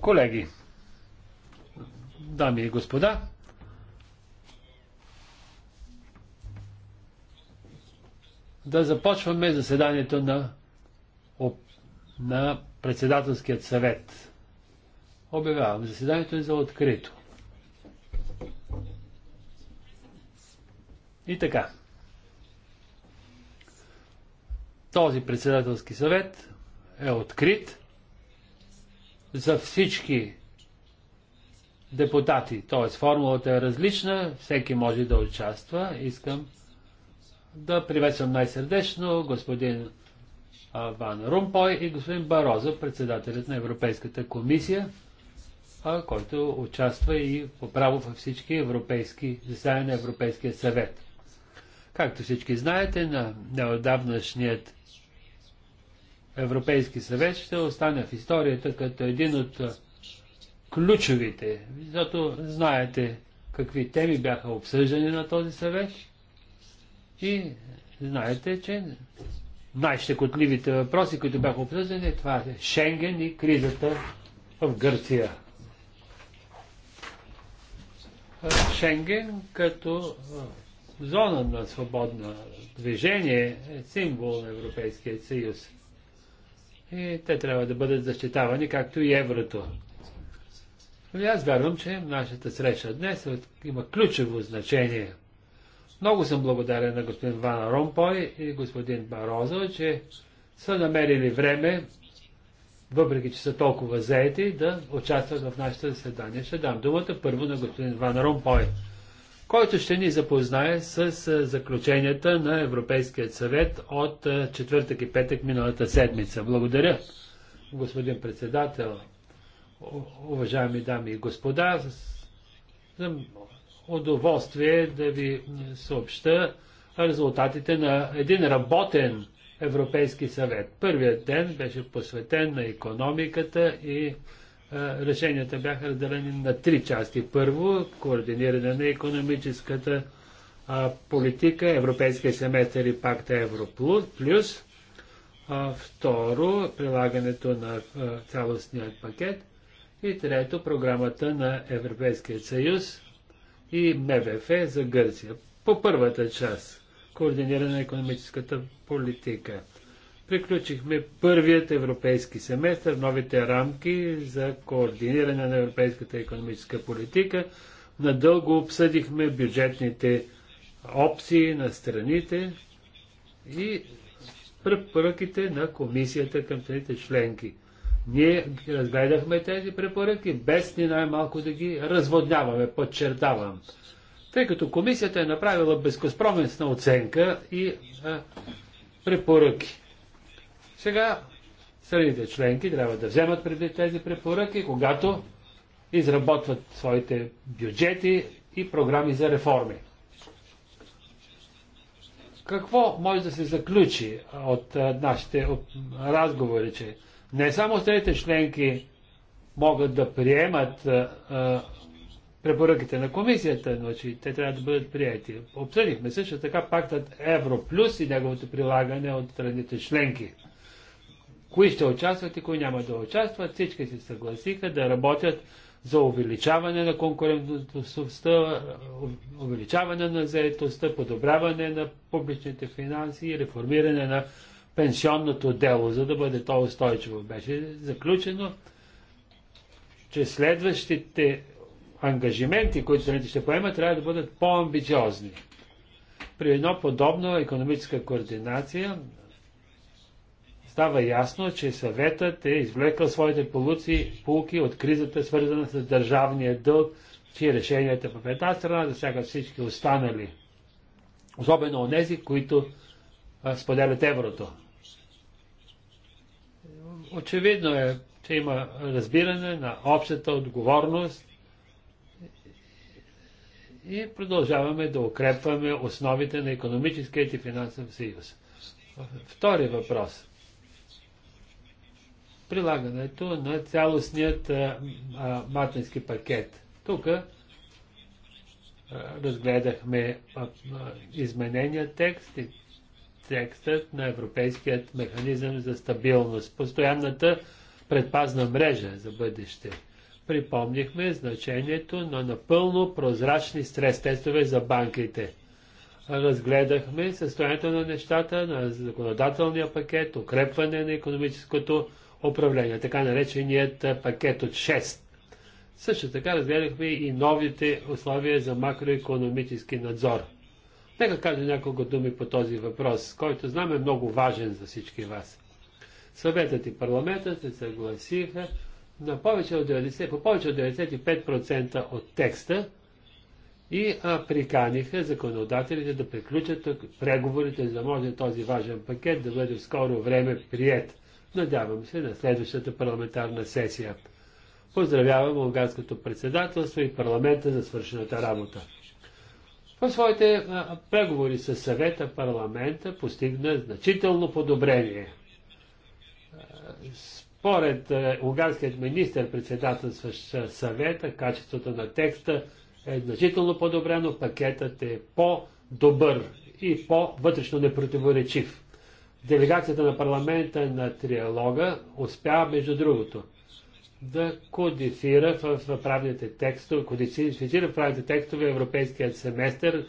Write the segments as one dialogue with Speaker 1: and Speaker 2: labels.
Speaker 1: Колеги, дами и господа, да започваме заседанието на, на председателският съвет. Обявявам заседанието е за открито. И така. Този председателски съвет е открит за всички депутати. Т.е. формулата е различна, всеки може да участва. Искам да приветствам най-сърдечно господин Ван Румпой и господин Бароза, председателят на Европейската комисия, който участва и по право във всички европейски заседания на Европейския съвет. Както всички знаете, на неодавнашният Европейски съвет ще остане в историята като един от ключовите, защото знаете какви теми бяха обсъждани на този съвет и знаете, че най-щекотливите въпроси, които бяха обсъждани, това е Шенген и кризата в Гърция. Шенген като зона на свободно движение е символ на Европейския съюз. И те трябва да бъдат защитавани, както и еврото. Но аз вярвам, че нашата среща днес е има ключово значение. Много съм благодарен на господин Ван Ромпой и господин Барозо, че са намерили време, въпреки че са толкова заети, да участват в нашето заседание. Ще дам думата първо на господин Ван Ромпой който ще ни запознае с заключенията на Европейският съвет от четвъртък и петък миналата седмица. Благодаря, господин председател, уважаеми дами и господа. За удоволствие да ви съобща резултатите на един работен Европейски съвет. Първият ден беше посветен на економиката и решенията бяха разделени на три части. Първо, координиране на економическата а, политика, европейския семестър и пакта Европлюс. А, второ, прилагането на а, цялостният пакет. И трето, програмата на Европейския съюз и МВФ за Гърция. По първата част, координиране на економическата политика – Приключихме първият европейски семестър, новите рамки за координиране на европейската економическа политика. Надълго обсъдихме бюджетните опции на страните и препоръките на комисията към страните членки. Ние разгледахме тези препоръки, без ни най-малко да ги разводняваме, подчертавам. Тъй като комисията е направила безкоспроменсна оценка и а, препоръки. Сега страните членки трябва да вземат преди тези препоръки, когато изработват своите бюджети и програми за реформи. Какво може да се заключи от нашите от разговори, че не само страните членки могат да приемат препоръките на комисията, но че те трябва да бъдат прияти. Обсъдихме също така пактът Европлюс и неговото прилагане от страните членки кои ще участват и кои няма да участват. Всички се съгласиха да работят за увеличаване на конкурентността, увеличаване на заетостта, подобряване на публичните финанси и реформиране на пенсионното дело, за да бъде то устойчиво. Беше заключено, че следващите ангажименти, които страните ще поемат, трябва да бъдат по-амбициозни. При едно подобно економическа координация става ясно, че съветът е извлекал своите полуци, полки от кризата, свързана с държавния дълг, че решенията в една страна засягат всички останали. Особено тези, които споделят еврото. Очевидно е, че има разбиране на общата отговорност и продължаваме да укрепваме основите на економическият и финансов съюз. Втори въпрос прилагането на цялостният матински пакет. Тук разгледахме изменения текст и текстът на Европейският механизъм за стабилност, постоянната предпазна мрежа за бъдеще. Припомнихме значението на напълно прозрачни стрес тестове за банките. Разгледахме състоянието на нещата, на законодателния пакет, укрепване на економическото управление, така нареченият пакет от 6. Също така разгледахме и новите условия за макроекономически надзор. Нека кажа няколко думи по този въпрос, който знам е много важен за всички вас. Съветът и парламентът се съгласиха на повече от 90, по повече от 95% от текста и а, приканиха законодателите да приключат преговорите, за да може този важен пакет да бъде в скоро време прият. Надявам се на следващата парламентарна сесия. Поздравявам унгарското председателство и парламента за свършената работа. В своите преговори с съвета парламента постигна значително подобрение. Според унгарският министр председателстващ съвета, качеството на текста е значително подобрено, пакетът е по-добър и по-вътрешно непротиворечив делегацията на парламента на триалога успя, между другото, да кодифира в, правните текстове, кодифицира в правните текстове европейският семестър,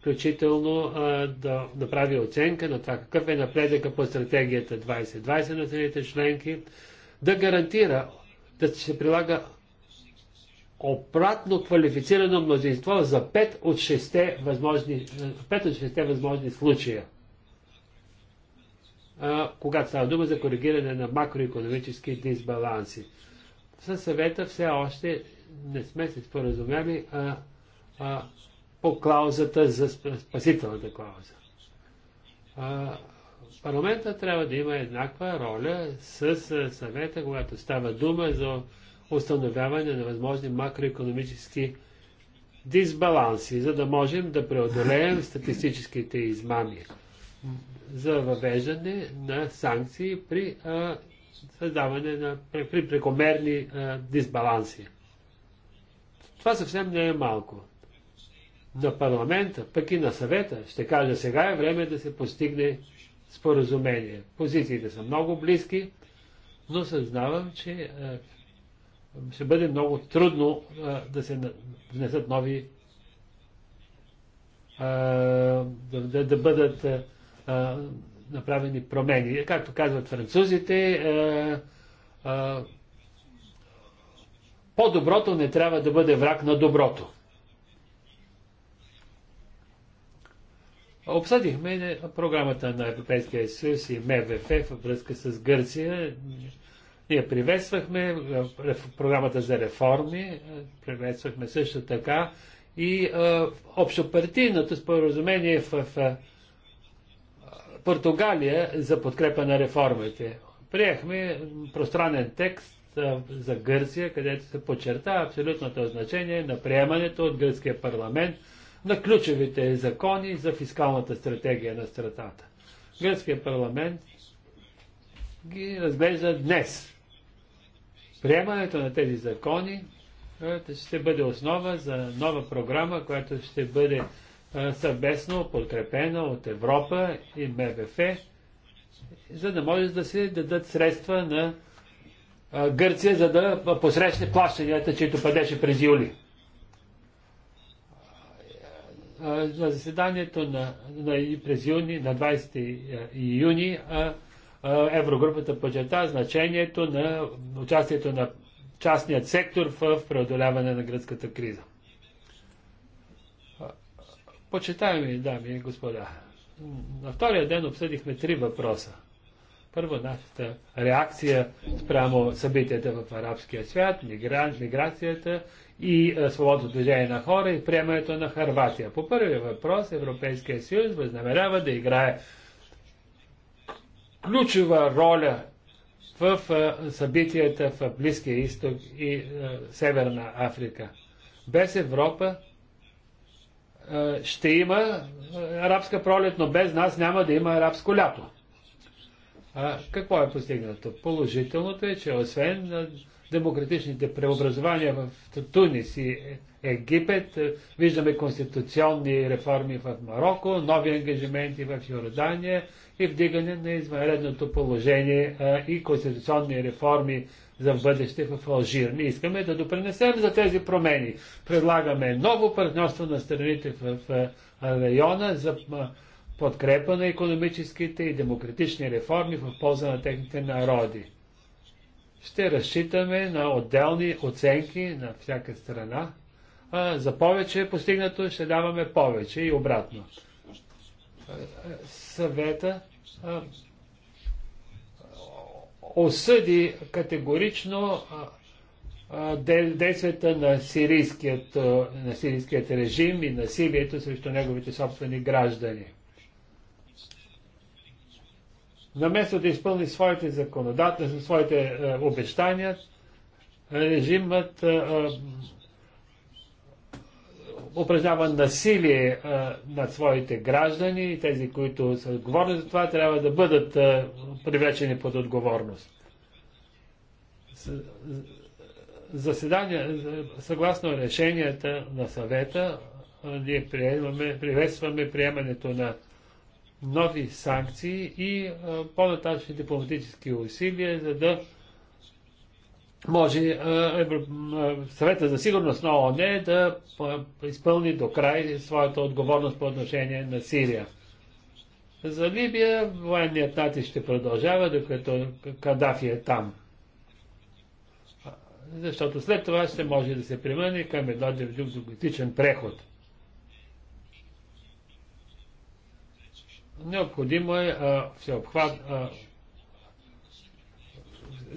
Speaker 1: включително а, да направи оценка на това какъв е напредъка по стратегията 2020 на страните членки, да гарантира да се прилага обратно квалифицирано мнозинство за 5 от 6 възможни, 5 от 6 възможни случая когато става дума за коригиране на макроекономически дисбаланси. Със съвета все още не сме се споразумяли а, а, по клаузата за спасителната клауза. А, парламента трябва да има еднаква роля с съвета, когато става дума за установяване на възможни макроекономически дисбаланси, за да можем да преодолеем статистическите измами за въвеждане на санкции при а, създаване на при, при прекомерни а, дисбаланси. Това съвсем не е малко. На парламента, пък и на съвета, ще кажа сега е време да се постигне споразумение. Позициите са много близки, но съзнавам, че а, ще бъде много трудно а, да се внесат нови а, да, да бъдат направени промени. Както казват французите, а, а, по-доброто не трябва да бъде враг на доброто. Обсъдихме програмата на Европейския съюз и МВФ във връзка с Гърция. Ние приветствахме програмата за реформи, приветствахме също така и общопартийното споразумение в, в Португалия за подкрепа на реформите. Приехме пространен текст за Гърция, където се подчерта абсолютното значение на приемането от гръцкия парламент на ключовите закони за фискалната стратегия на страната. Гръцкия парламент ги разглежда днес. Приемането на тези закони ще бъде основа за нова програма, която ще бъде съвместно подкрепена от Европа и МВФ, за да може да се дадат средства на Гърция, за да посрещне плащанията, чието падеше през юли. На заседанието на, на, през юни, на 20 юни, Еврогрупата почета значението на участието на частният сектор в преодоляване на гръцката криза. Почитаеми дами и господа, на втория ден обсъдихме три въпроса. Първо, нашата реакция спрямо събитията в арабския свят, миграцията и е, свободното движение на хора и приемането на Харватия. По първия въпрос Европейския съюз възнамерява да играе ключова роля в е, събитията в Близкия изток и е, Северна Африка. Без Европа е, ще има е, арабска пролет, но без нас няма да има арабско лято. А, какво е постигнато? Положителното е, че освен е, демократичните преобразования в Тунис и Египет, виждаме конституционни реформи в Марокко, нови ангажименти в Йордания и вдигане на извънредното положение и конституционни реформи за бъдеще в Алжир. Ние искаме да допринесем за тези промени. Предлагаме ново партньорство на страните в, района за подкрепа на економическите и демократични реформи в полза на техните народи. Ще разчитаме на отделни оценки на всяка страна. А за повече постигнато ще даваме повече и обратно. Съвета осъди категорично действията на сирийският, на сирийският режим и насилието срещу неговите собствени граждани. Наместо да изпълни своите законодателства, своите обещания, режимът упражнява насилие а, над своите граждани и тези, които са отговорни за това, трябва да бъдат а, привлечени под отговорност. Заседания, съгласно решенията на съвета, ние приемаме, приветстваме приемането на нови санкции и по-нататъчни дипломатически усилия, за да може е, е, е, съвета за сигурност на ООН да изпълни до край своята отговорност по отношение на Сирия. За Либия военният натиск ще продължава, докато Кадафи е там. Защото след това ще може да се премъне към едно демократичен преход. Необходимо е а, всеобхват, а,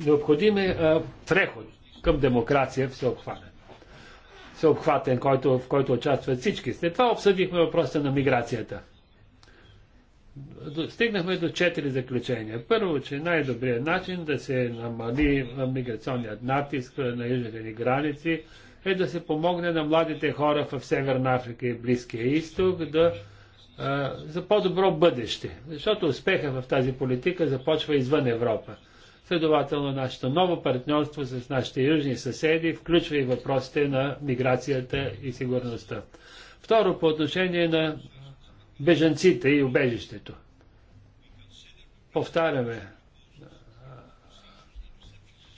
Speaker 1: Необходим е а, преход към демокрация всеобхватен, всеобхватен който, в който участват всички. След това обсъдихме въпроса на миграцията. Стигнахме до четири заключения. Първо, че най-добрият начин да се намали миграционният натиск на южните ни граници е да се помогне на младите хора в Северна Африка и Близкия изток да а, за по-добро бъдеще. Защото успеха в тази политика започва извън Европа. Следователно, нашето ново партньорство с нашите южни съседи включва и въпросите на миграцията и сигурността. Второ, по отношение на бежанците и убежището. Повтаряме,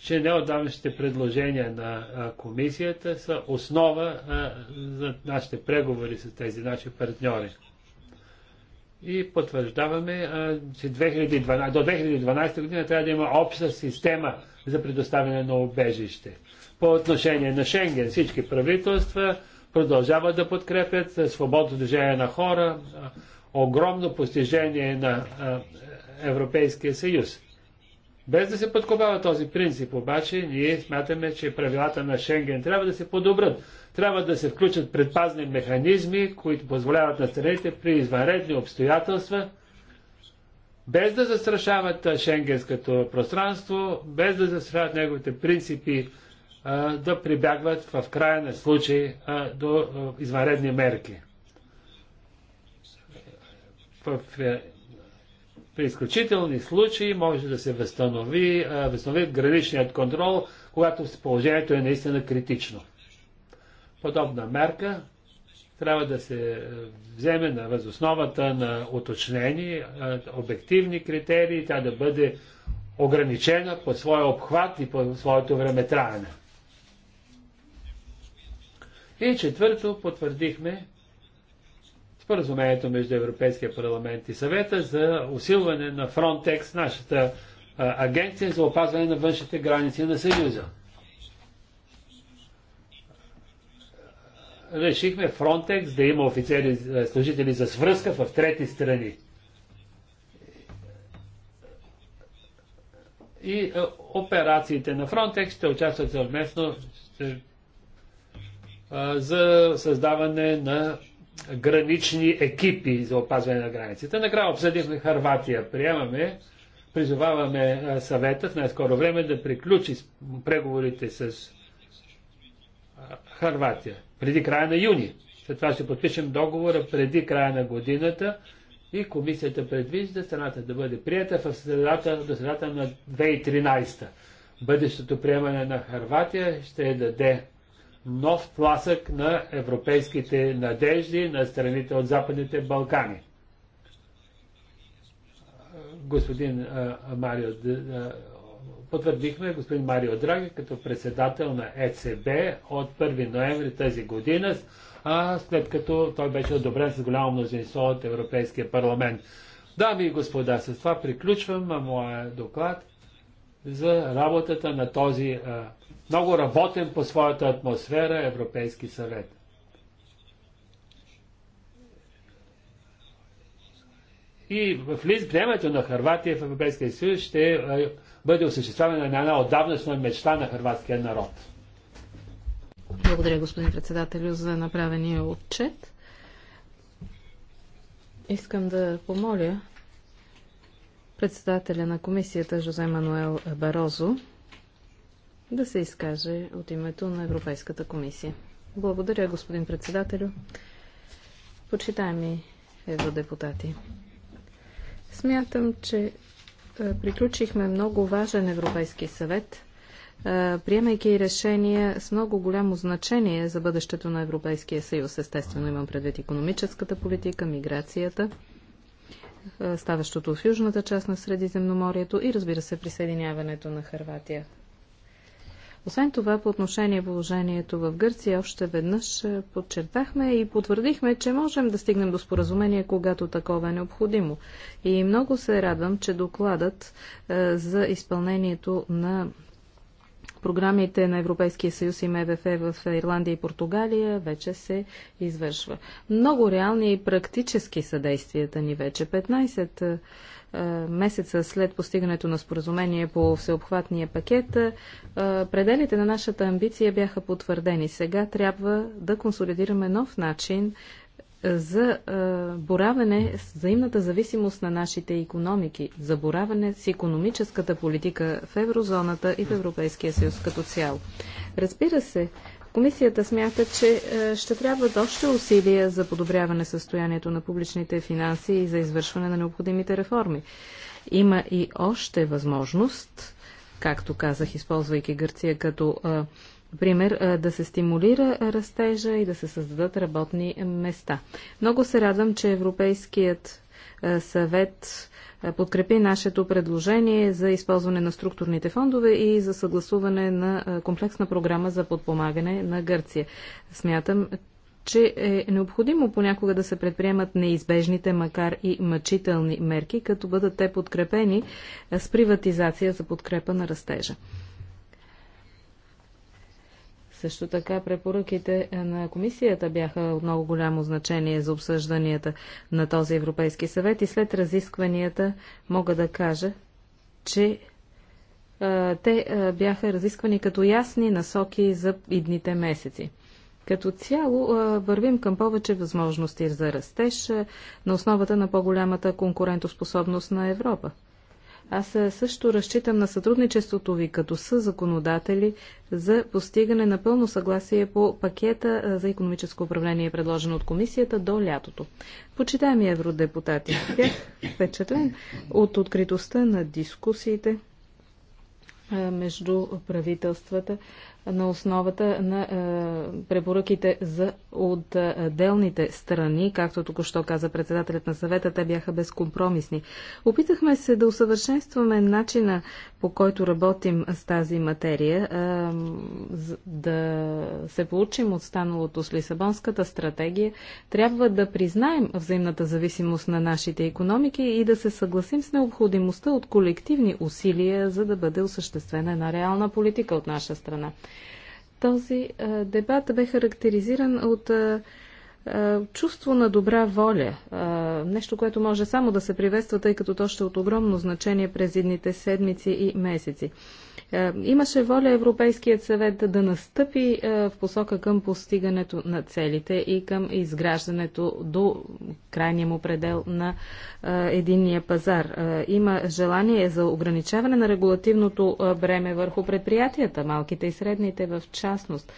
Speaker 1: че неодавнащите предложения на комисията са основа за нашите преговори с тези наши партньори и потвърждаваме, че 2012, до 2012 година трябва да има обща система за предоставяне на обежище. По отношение на Шенген, всички правителства продължават да подкрепят свободно движение на хора, огромно постижение на Европейския съюз. Без да се подкопава този принцип, обаче, ние смятаме, че правилата на Шенген трябва да се подобрят. Трябва да се включат предпазни механизми, които позволяват на страните при извънредни обстоятелства, без да застрашават шенгенското пространство, без да застрашават неговите принципи, да прибягват в края на случай до извънредни мерки. В е, при изключителни случаи може да се възстанови, възстанови граничният контрол, когато положението е наистина критично. Подобна мерка трябва да се вземе на възосновата на уточнени, обективни критерии, тя да бъде ограничена по своя обхват и по своето време траяне. И четвърто, потвърдихме, споразумението между Европейския парламент и съвета за усилване на Frontex, нашата агенция за опазване на външните граници на Съюза. Решихме Frontex да има офицери, служители за свръзка в трети страни. И операциите на Frontex ще участват съвместно за създаване на гранични екипи за опазване на границите. Накрая обсъдихме Харватия. Приемаме, призоваваме е, съвета в най-скоро време да приключи преговорите с е, Харватия преди края на юни. След това ще подпишем договора преди края на годината и комисията предвижда страната да бъде прията в средата, до средата на 2013. Бъдещото приемане на Харватия ще даде нов тласък на европейските надежди на страните от Западните Балкани. Господин а, Марио, а, потвърдихме господин Марио Драги като председател на ЕЦБ от 1 ноември тази година, а след като той беше одобрен с голямо мнозинство от Европейския парламент. Дами и господа, с това приключвам моя доклад за работата на този а, много работен по своята атмосфера Европейски съвет. И в Лиз приемането на Харватия в Европейския съюз ще а, бъде осъществяване на една отдавнашна мечта на харватския народ.
Speaker 2: Благодаря, господин председателю, за направения отчет. Искам да помоля председателя на комисията Жозе Мануел Барозо да се изкаже от името на Европейската комисия. Благодаря, господин председателю. Почитаеми евродепутати. Смятам, че е, приключихме много важен Европейски съвет, е, приемайки решения с много голямо значение за бъдещето на Европейския съюз. Естествено имам предвид економическата политика, миграцията – е, ставащото в южната част на Средиземноморието и разбира се присъединяването на Харватия. Освен това, по отношение положението в Гърция, още веднъж е, подчертахме и потвърдихме, че можем да стигнем до споразумение, когато такова е необходимо. И много се радвам, че докладът е, за изпълнението на програмите на Европейския съюз и МВФ в Ирландия и Португалия вече се извършва. Много реални и практически са действията ни вече. 15 месеца след постигането на споразумение по всеобхватния пакет, пределите на нашата амбиция бяха потвърдени. Сега трябва да консолидираме нов начин за е, бораване с взаимната зависимост на нашите економики, за бораване с економическата политика в еврозоната и в Европейския съюз като цяло. Разбира се, Комисията смята, че е, ще трябва още усилия за подобряване състоянието на публичните финанси и за извършване на необходимите реформи. Има и още възможност, както казах, използвайки Гърция като е, Например, да се стимулира растежа и да се създадат работни места. Много се радвам, че Европейският съвет подкрепи нашето предложение за използване на структурните фондове и за съгласуване на комплексна програма за подпомагане на Гърция. Смятам, че е необходимо понякога да се предприемат неизбежните, макар и мъчителни мерки, като бъдат те подкрепени с приватизация за подкрепа на растежа. Също така препоръките е, на комисията бяха от много голямо значение за обсъжданията на този Европейски съвет и след разискванията мога да кажа, че а, е, те а, е, бяха разисквани като ясни насоки за идните месеци. Като цяло вървим към повече възможности за растеж на основата на по-голямата конкурентоспособност на Европа. Аз е, също разчитам на сътрудничеството ви като са законодатели за постигане на пълно съгласие по пакета е, за економическо управление, предложено от комисията до лятото. Почитаеми евродепутати, бях впечатлен от откритостта на дискусиите е, между правителствата на основата на е, препоръките за отделните страни, както току-що каза председателят на съвета, те бяха безкомпромисни. Опитахме се да усъвършенстваме начина по който работим с тази материя, е, да се получим от станалото с Лисабонската стратегия. Трябва да признаем взаимната зависимост на нашите економики и да се съгласим с необходимостта от колективни усилия, за да бъде осъществена една реална политика от наша страна. Този дебат бе характеризиран от е, чувство на добра воля. Е, нещо, което може само да се приветства, тъй като то ще е от огромно значение през едните седмици и месеци. Е, имаше воля Европейският съвет да настъпи в посока към постигането на целите и към изграждането до крайния му предел на единния пазар. Има желание за ограничаване на регулативното бреме върху предприятията, малките и средните в частност.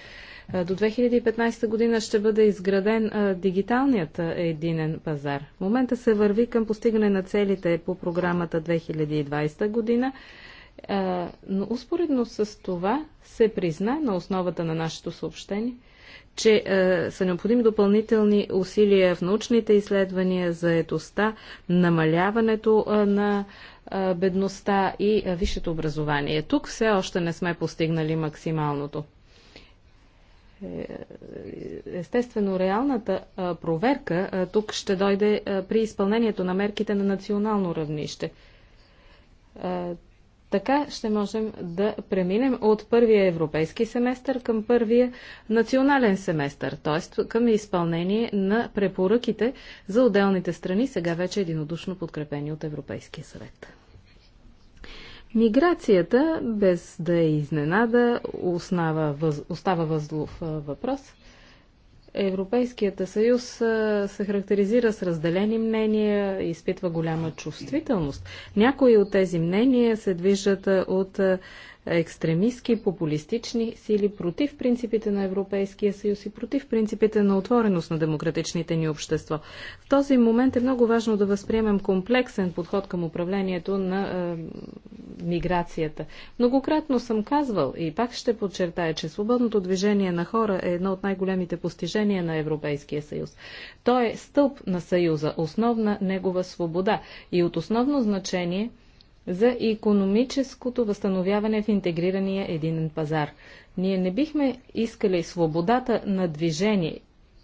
Speaker 2: Е, до 2015 година ще бъде изграден е, дигиталният е, единен пазар. В момента се върви към постигане на целите по програмата 2020 година, но успоредно с това се призна на основата на нашето съобщение, че е, са необходими допълнителни усилия в научните изследвания, заетостта, намаляването е, на е, бедността и е, висшето образование. Тук все още не сме постигнали максималното. Е, естествено, реалната проверка тук ще дойде при изпълнението на мерките на национално равнище. Така ще можем да преминем от първия европейски семестър към първия национален семестър, т.е. към изпълнение на препоръките за отделните страни, сега вече единодушно подкрепени от Европейския съвет. Миграцията, без да е изненада, остава, въз, остава възлов въпрос. Европейският съюз се характеризира с разделени мнения, изпитва голяма чувствителност. Някои от тези мнения се движат от екстремистски популистични сили против принципите на Европейския съюз и против принципите на отвореност на демократичните ни общества. В този момент е много важно да възприемем комплексен подход към управлението на е, миграцията. Многократно съм казвал и пак ще подчертая, че свободното движение на хора е едно от най-големите постижения на Европейския съюз. Той е стълб на съюза, основна негова свобода и от основно значение – за економическото възстановяване в интегрирания единен пазар. Ние не бихме искали свободата на движение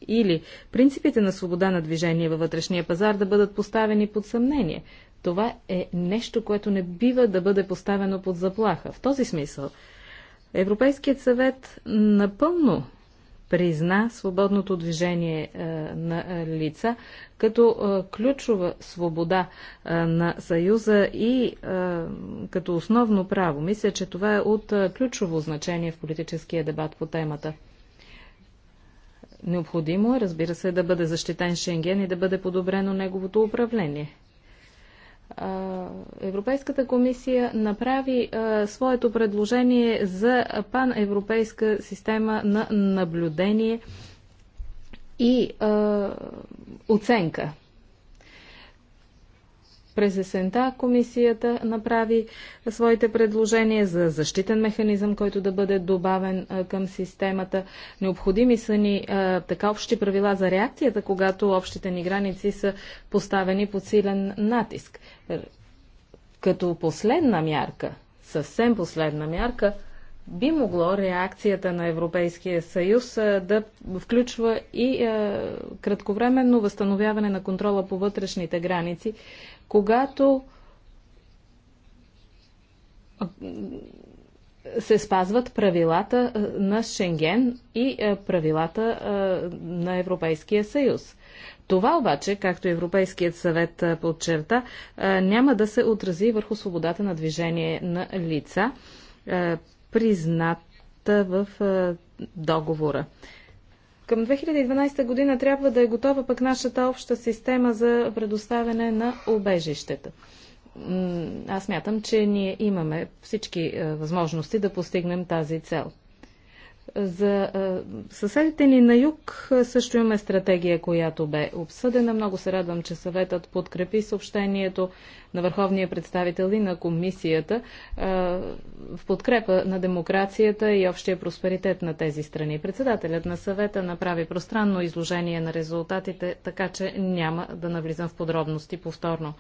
Speaker 2: или принципите на свобода на движение във вътрешния пазар да бъдат поставени под съмнение. Това е нещо, което не бива да бъде поставено под заплаха. В този смисъл Европейският съвет напълно призна свободното движение е, на е, лица като е, ключова свобода на Съюза и като основно право. Мисля, че това е от ключово значение в политическия дебат по темата. Необходимо е, разбира се, да бъде защитен Шенген и да бъде подобрено неговото управление. Европейската комисия направи своето предложение за паневропейска система на наблюдение и оценка през есента комисията направи своите предложения за защитен механизъм, който да бъде добавен към системата. Необходими са ни така общи правила за реакцията, когато общите ни граници са поставени под силен натиск. Като последна мярка, съвсем последна мярка, би могло реакцията на Европейския съюз да включва и кратковременно възстановяване на контрола по вътрешните граници когато се спазват правилата на Шенген и правилата на Европейския съюз. Това обаче, както Европейският съвет подчерта, няма да се отрази върху свободата на движение на лица, призната в договора. Към 2012 година трябва да е готова пък нашата обща система за предоставяне на обежището. Аз мятам, че ние имаме всички е, възможности да постигнем тази цел. За съседите ни на юг също имаме стратегия, която бе обсъдена. Много се радвам, че съветът подкрепи съобщението на Върховния представител и на комисията в подкрепа на демокрацията и общия просперитет на тези страни. Председателят на съвета направи пространно изложение на резултатите, така че няма да навлизам в подробности повторно.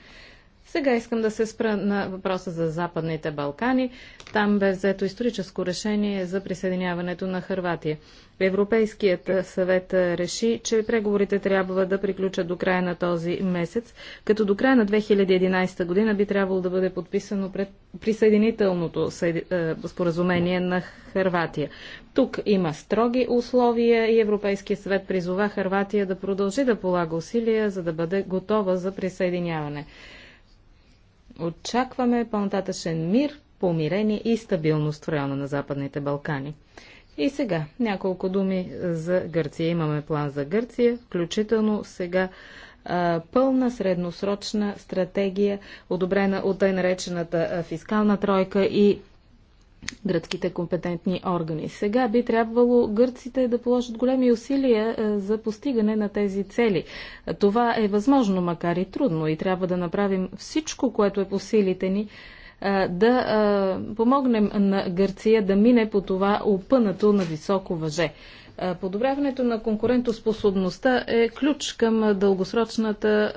Speaker 2: Сега искам да се спра на въпроса за Западните Балкани. Там бе взето историческо решение за присъединяването на Хърватия. Европейският съвет реши, че преговорите трябва да приключат до края на този месец, като до края на 2011 година би трябвало да бъде подписано пред присъединителното е, споразумение на Хърватия. Тук има строги условия и Европейският съвет призова Хърватия да продължи да полага усилия, за да бъде готова за присъединяване. Очакваме по-нататъчен мир, помирение и стабилност в района на Западните Балкани. И сега няколко думи за Гърция. Имаме план за Гърция, включително сега пълна средносрочна стратегия, одобрена от тъй наречената фискална тройка и гръцките компетентни органи. Сега би трябвало гърците да положат големи усилия е, за постигане на тези цели. Това е възможно, макар и трудно, и трябва да направим всичко, което е по силите ни, е, да е, помогнем на Гърция да мине по това опънато на високо въже. Подобряването на конкурентоспособността е ключ към дългосрочната,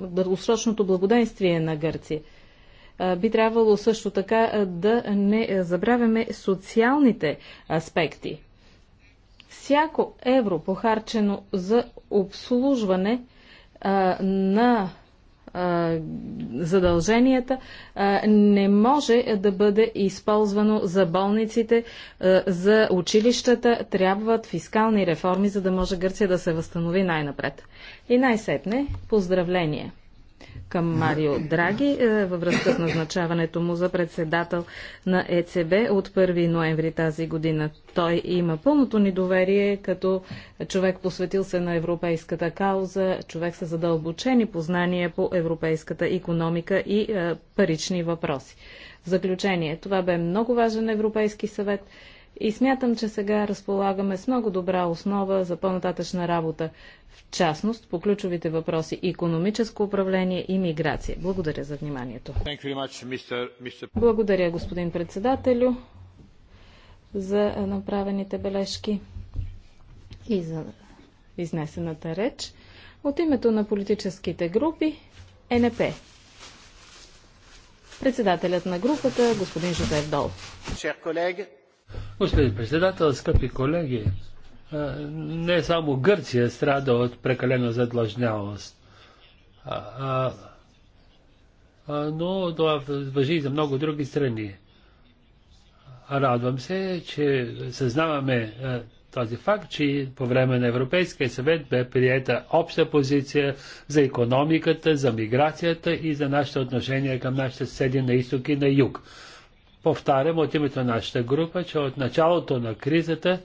Speaker 2: дългосрочното благоденствие на Гърция би трябвало също така да не забравяме социалните аспекти. Всяко евро похарчено за обслужване на задълженията не може да бъде използвано за болниците, за училищата. Трябват фискални реформи, за да може Гърция да се възстанови най-напред. И най-сетне поздравление! към Марио Драги е, във връзка с назначаването му за председател на ЕЦБ от 1 ноември тази година. Той има пълното ни доверие като човек посветил се на европейската кауза, човек с задълбочени познания по европейската економика и е, парични въпроси. В заключение, това бе много важен Европейски съвет. И смятам, че сега разполагаме с много добра основа за по-нататъчна работа, в частност по ключовите въпроси економическо управление и миграция. Благодаря за вниманието. Благодаря, господин председателю, за направените бележки и за изнесената реч. От името на политическите групи е НП. Председателят на групата, господин Жозеф Дол.
Speaker 1: Господин председател, скъпи колеги, не само Гърция страда от прекалена задлъжнявост, но това въжи и за много други страни. Радвам се, че съзнаваме този факт, че по време на Европейския съвет бе приета обща позиция за економиката, за миграцията и за нашите отношения към нашите съседи на изток и на юг повтарям от името на нашата група, че от началото на кризата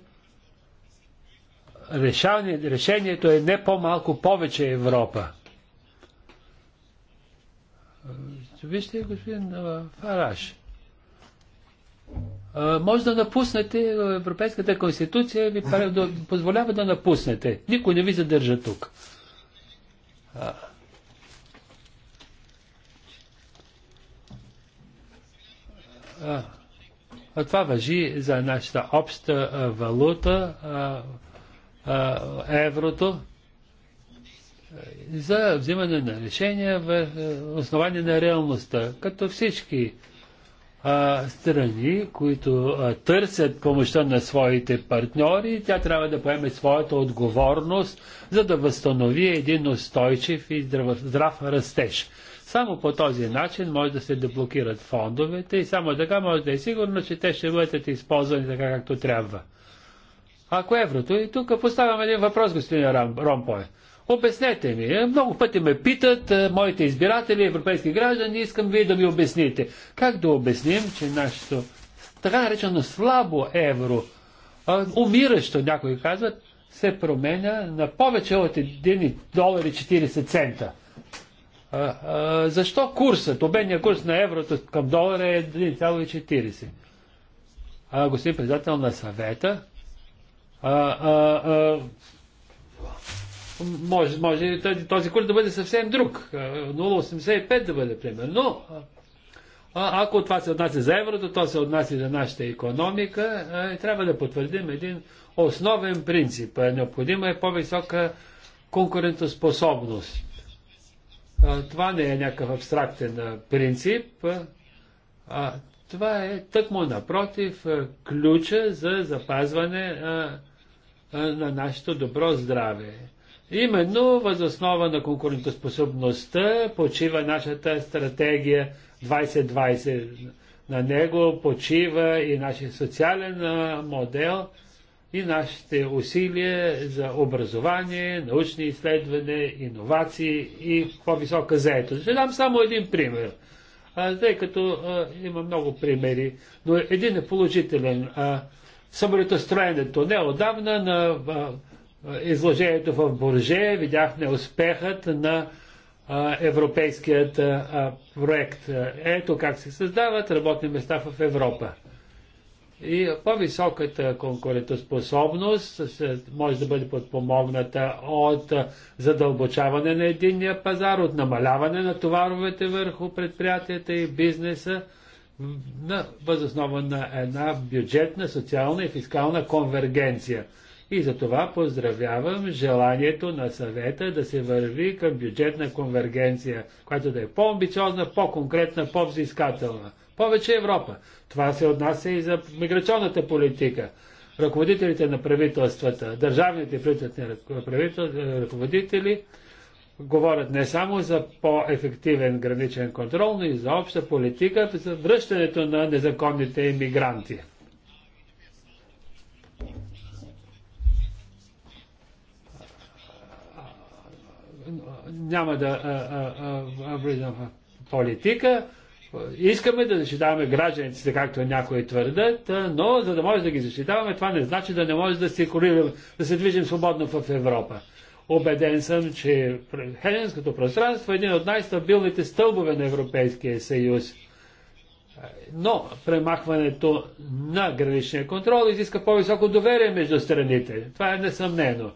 Speaker 1: решението е не по-малко повече Европа. Вижте, господин Фараш, може да напуснете Европейската конституция, ви позволява да напуснете. Никой не ви задържа тук. А това въжи за нашата обща валута, еврото, за взимане на решения в основание на реалността, като всички а, страни, които а, търсят помощта на своите партньори, тя трябва да поеме своята отговорност, за да възстанови един устойчив и здрав, здрав растеж. Само по този начин може да се деблокират фондовете и само така може да е сигурно, че те ще бъдат използвани така както трябва. Ако еврото, и тук поставям един въпрос, господин Ромпой. Обяснете ми. Много пъти ме питат е, моите избиратели, европейски граждани, искам вие да ми обясните. Как да обясним, че нашето така наречено слабо евро, умиращо, някои казват, се променя на повече от 1 долар и 40 цента. защо курсът, обменния курс на еврото към долара е 1,40? А, господин председател на съвета, а, а, а, може, може този, този курс да бъде съвсем друг? 0,85 е, да бъде, примерно. Но, а, ако това се отнася за еврото, то се отнася за нашата економика а, е, и трябва да потвърдим един основен принцип. Е, необходима е по-висока конкурентоспособност. А, това не е някакъв абстрактен принцип. А, това е тъкмо напротив ключа за запазване а, а, на нашето добро здраве. Именно възоснова на конкурентоспособността почива нашата стратегия 2020. На него почива и нашия социален модел и нашите усилия за образование, научни изследвания, иновации и по-висока заетост. Ще дам само един пример, тъй като а, има много примери, но един е положителен. Самолетостроенето самолетостроенето. отдавна на а, изложението в Борже, видяхме успехът на европейският проект. Ето как се създават работни места в Европа. И по-високата конкурентоспособност може да бъде подпомогната от задълбочаване на единния пазар, от намаляване на товаровете върху предприятията и бизнеса, на, възоснова на една бюджетна, социална и фискална конвергенция. И за това поздравявам желанието на съвета да се върви към бюджетна конвергенция, която да е по-амбициозна, по-конкретна, по-взискателна. Повече Европа. Това се отнася и за миграционната политика. Ръководителите на правителствата, държавните правителствени е, ръководители, говорят не само за по-ефективен граничен контрол, но и за обща политика за връщането на незаконните иммигранти. няма да влизам в политика. Искаме да защитаваме гражданите, както някои твърдят, но за да може да ги защитаваме, това не значи да не може да циркулираме, да се движим свободно в Европа. Обеден съм, че хеленското пространство е един от най-стабилните стълбове на Европейския съюз. Но премахването на граничния контрол изиска по-високо доверие между страните. Това е несъмнено.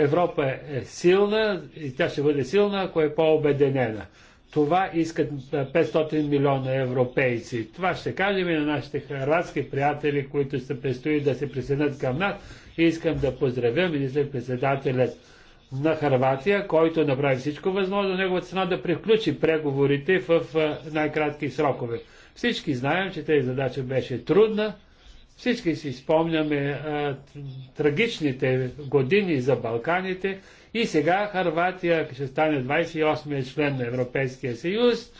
Speaker 1: Европа е силна и тя ще бъде силна, ако е по-обеденена. Това искат 500 милиона европейци. Това ще кажем и на нашите харватски приятели, които се предстои да се присъединят към нас. И искам да поздравя министър-председателят на Харватия, който направи всичко възможно неговата цена да приключи преговорите в най-кратки срокове. Всички знаем, че тази задача беше трудна, всички си спомняме а, трагичните години за Балканите и сега Харватия ще стане 28-я член на Европейския съюз,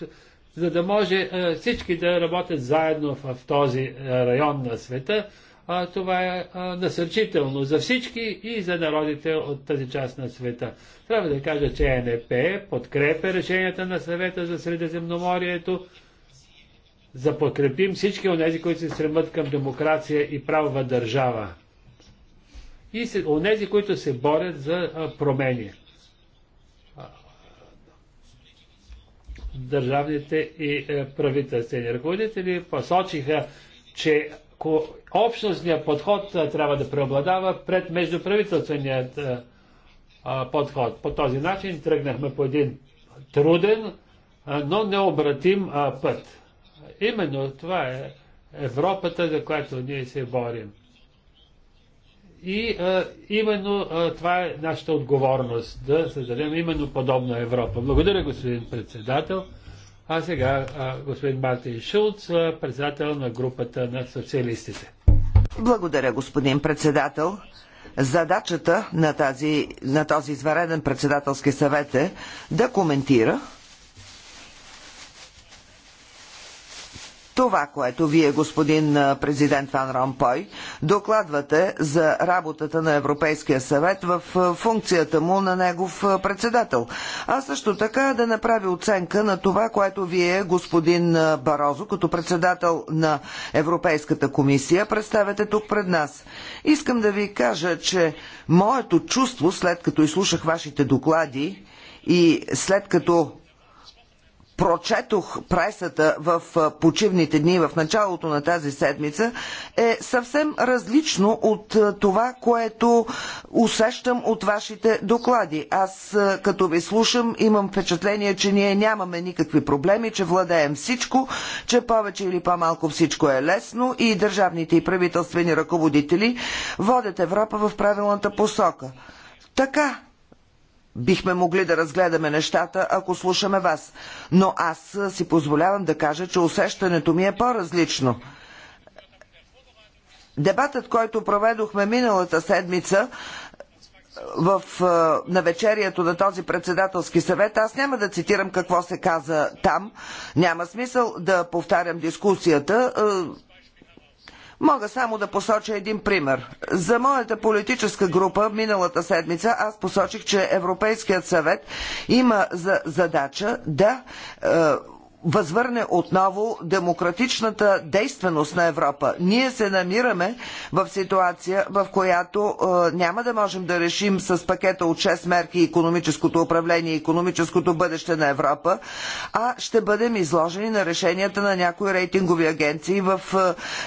Speaker 1: за да може а, всички да работят заедно в, в този район на света. А, това е а, насърчително за всички и за народите от тази част на света. Трябва да кажа, че НП е подкрепя решенията на съвета за Средиземноморието за подкрепим всички от тези, които се стремат към демокрация и правова държава. И от тези, които се борят за промени. Държавните и е, правителствени ръководители посочиха, че общностният подход трябва да преобладава пред междуправителственият подход. По този начин тръгнахме по един труден, но необратим път. Именно това е Европата, за която ние се борим. И а, именно а, това е нашата отговорност да създадем именно подобна Европа. Благодаря, господин председател. А сега а, господин Мартин Шулц, а, председател на групата на социалистите.
Speaker 3: Благодаря, господин председател. Задачата на, тази, на този извареден председателски съвет е да коментира това, което вие, господин президент Ван Ромпой, докладвате за работата на Европейския съвет в функцията му на негов председател. А също така да направи оценка на това, което вие, господин Барозо, като председател на Европейската комисия, представяте тук пред нас. Искам да ви кажа, че моето чувство, след като изслушах вашите доклади и след като прочетох пресата в почивните дни в началото на тази седмица, е съвсем различно от това, което усещам от вашите доклади. Аз като ви слушам имам впечатление, че ние нямаме никакви проблеми, че владеем всичко, че повече или по-малко всичко е лесно и държавните и правителствени ръководители водят Европа в правилната посока. Така, бихме могли да разгледаме нещата, ако слушаме вас. Но аз си позволявам да кажа, че усещането ми е по-различно. Дебатът, който проведохме миналата седмица, в е, навечерието на този председателски съвет. Аз няма да цитирам какво се каза там. Няма смисъл да повтарям дискусията. Е, Мога само да посоча един пример. За моята политическа група миналата седмица аз посочих, че Европейският съвет има за задача да е, възвърне отново демократичната действеност на Европа. Ние се намираме в ситуация, в която е, няма да можем да решим с пакета от 6 мерки економическото управление и економическото бъдеще на Европа, а ще бъдем изложени на решенията на някои рейтингови агенции в е,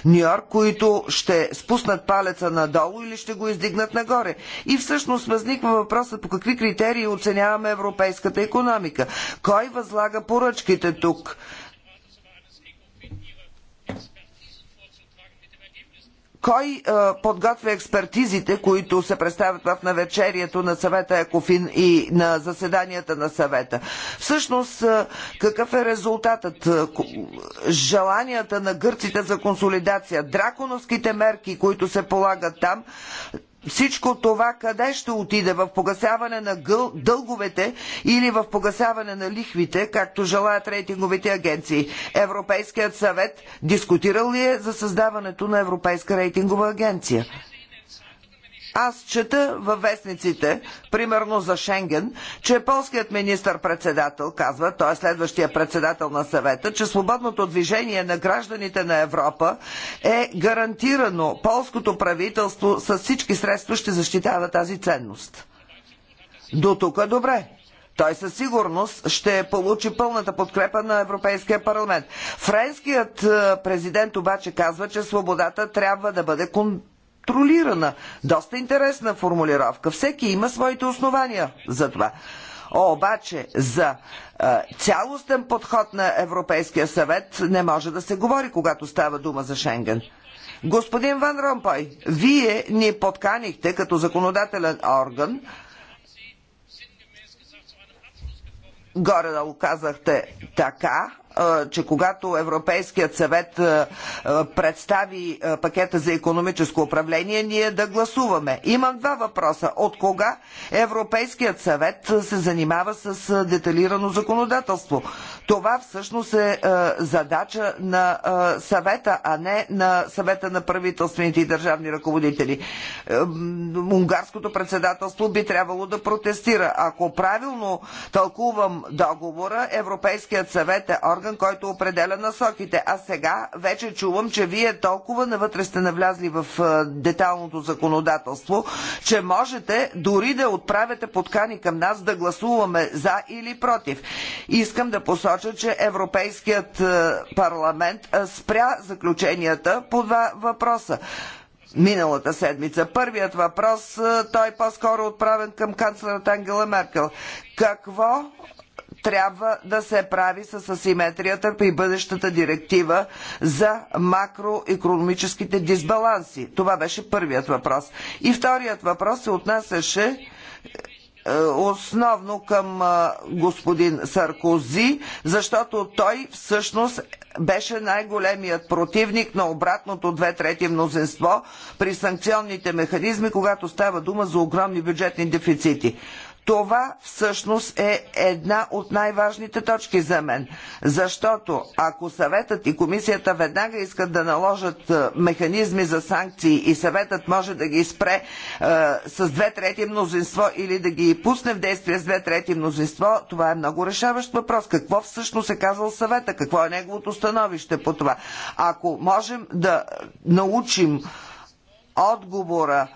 Speaker 3: Нью Йорк, които ще спуснат палеца надолу или ще го издигнат нагоре. И всъщност възниква въпросът по какви критерии оценяваме европейската економика. Кой възлага поръчките тук? тук. Кой а, е, подготвя експертизите, които се представят в навечерието на съвета Екофин и на заседанията на съвета? Всъщност, а, е, какъв е резултатът? Е, желанията на гърците за консолидация, драконовските мерки, които се полагат там, всичко това къде ще отиде? В погасяване на гъл, дълговете или в погасяване на лихвите, както желаят рейтинговите агенции? Европейският съвет дискутирал ли е за създаването на Европейска рейтингова агенция? Аз чета във вестниците, примерно за Шенген, че полският министър-председател казва, той е следващия председател на съвета, че свободното движение на гражданите на Европа е гарантирано. Полското правителство с всички средства ще защитава тази ценност. До тук е добре. Той със сигурност ще получи пълната подкрепа на Европейския парламент. Френският е, президент обаче казва, че свободата трябва да бъде контролирана контролирана. Доста интересна формулировка. Всеки има своите основания за това. Обаче за цялостен подход на Европейския съвет не може да се говори, когато става дума за Шенген. Господин Ван Ромпой, вие ни подканихте като законодателен орган горе да го казахте така, че когато Европейският съвет представи пакета за економическо управление, ние да гласуваме. Имам два въпроса. От кога Европейският съвет се занимава с деталирано законодателство? Това всъщност е, е задача на е, съвета, а не на съвета на правителствените и държавни ръководители. Е, унгарското председателство би трябвало да протестира. Ако правилно тълкувам договора, Европейският съвет е орган, който определя насоките. А сега вече чувам, че вие толкова навътре сте навлязли в деталното законодателство, че можете дори да отправяте подкани към нас да гласуваме за или против. Искам да посоча посоча, че Европейският е, парламент е, спря заключенията по два въпроса миналата седмица. Първият въпрос, е, той по-скоро отправен към канцлерът Ангела Меркел. Какво трябва да се прави с асиметрията при бъдещата директива за макроекономическите дисбаланси? Това беше първият въпрос. И вторият въпрос се отнасяше е, основно към е, господин Саркози, защото той всъщност беше най-големият противник на обратното две трети мнозинство при санкционните механизми, когато става дума за огромни бюджетни дефицити. Това всъщност е една от най-важните точки за мен, защото ако съветът и комисията веднага искат да наложат е, механизми за санкции и съветът може да ги спре е, с две трети мнозинство или да ги пусне в действие с две трети мнозинство, това е много решаващ въпрос. Какво всъщност е казал съвета, какво е неговото становище по това. Ако можем да научим отговора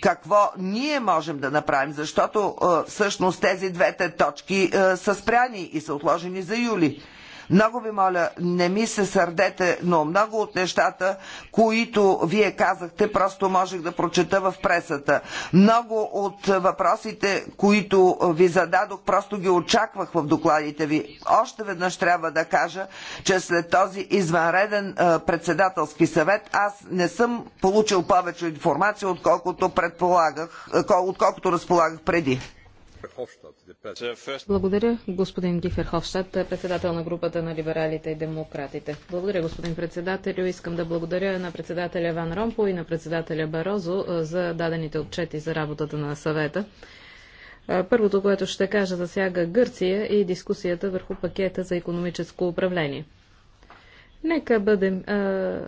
Speaker 3: какво ние можем да направим, защото всъщност тези двете точки са спряни и са отложени за юли. Много ви моля, не ми се сърдете, но много от нещата, които вие казахте, просто можех да прочета в пресата. Много от въпросите, които ви зададох, просто ги очаквах в докладите ви. Още веднъж трябва да кажа, че след този извънреден председателски съвет аз не съм получил повече информация, отколкото предполагах, отколкото разполагах преди.
Speaker 2: Благодаря, господин Гиферховщад, председател на групата на либералите и демократите. Благодаря, господин председател, Искам да благодаря на председателя Ван Ромпо и на председателя Барозо за дадените отчети за работата на съвета. Първото, което ще кажа, засяга Гърция и дискусията върху пакета за економическо управление. Нека бъдем а,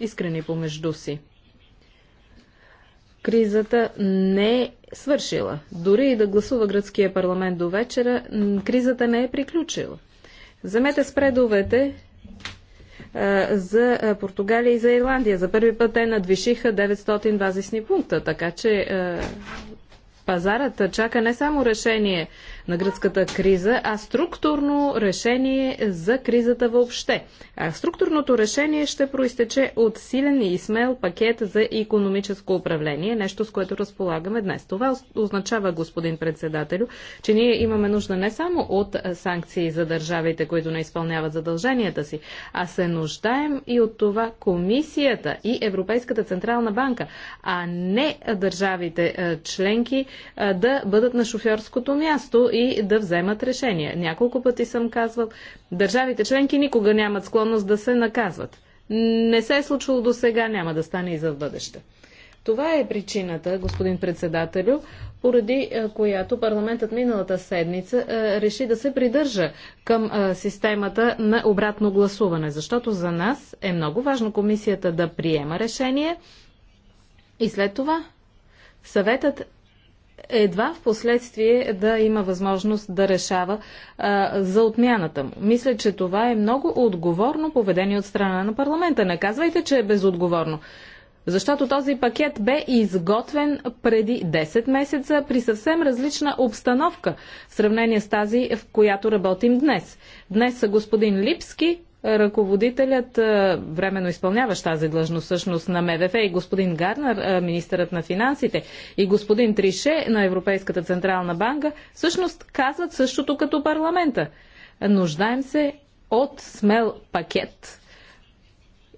Speaker 2: искрени помежду си кризата не е свършила. Дори и да гласува гръцкия парламент до вечера, кризата не е приключила. Замете спредовете за Португалия и за Ирландия. За първи път те надвишиха 900 базисни пункта, така че пазарата пазарът чака не само решение на гръцката криза, а структурно решение за кризата въобще. А структурното решение ще проистече от силен и смел пакет за економическо управление, нещо с което разполагаме днес. Това означава, господин председателю, че ние имаме нужда не само от санкции за държавите, които не изпълняват задълженията си, а се нуждаем и от това комисията и Европейската централна банка, а не държавите членки да бъдат на шофьорското място и да вземат решения. Няколко пъти съм казвал, държавите членки никога нямат склонност да се наказват. Не се е случило до сега, няма да стане и за бъдеще. Това е причината, господин председателю, поради е, която парламентът миналата седмица е, реши да се придържа към е, системата на обратно гласуване, защото за нас е много важно комисията да приема решение и след това съветът едва в последствие да има възможност да решава а, за отмяната му. Мисля, че това е много отговорно поведение от страна на парламента. Не казвайте, че е безотговорно. Защото този пакет бе изготвен преди 10 месеца при съвсем различна обстановка в сравнение с тази, в която работим днес. Днес са господин Липски ръководителят, временно изпълняващ тази длъжност всъщност на МВФ е и господин Гарнер, министърът на финансите и господин Трише на Европейската централна банка, всъщност казват същото като парламента. Нуждаем се от смел пакет.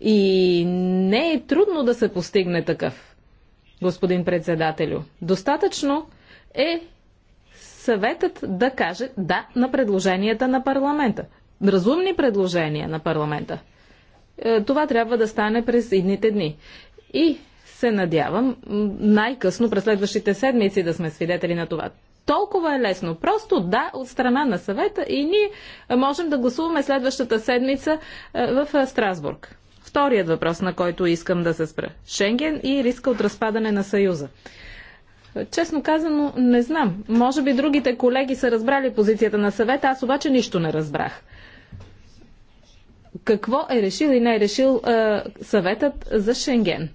Speaker 2: И не е трудно да се постигне такъв, господин председателю. Достатъчно е съветът да каже да на предложенията на парламента разумни предложения на парламента. Е, това трябва да стане през идните дни. И се надявам най-късно през следващите седмици да сме свидетели на това. Толкова е лесно. Просто да, от страна на съвета и ние можем да гласуваме следващата седмица е, в е, Страсбург. Вторият въпрос, на който искам да се спра. Шенген и риска от разпадане на Съюза. Честно казано, не знам. Може би другите колеги са разбрали позицията на съвета, аз обаче нищо не разбрах какво е решил и не е решил а, съветът за Шенген.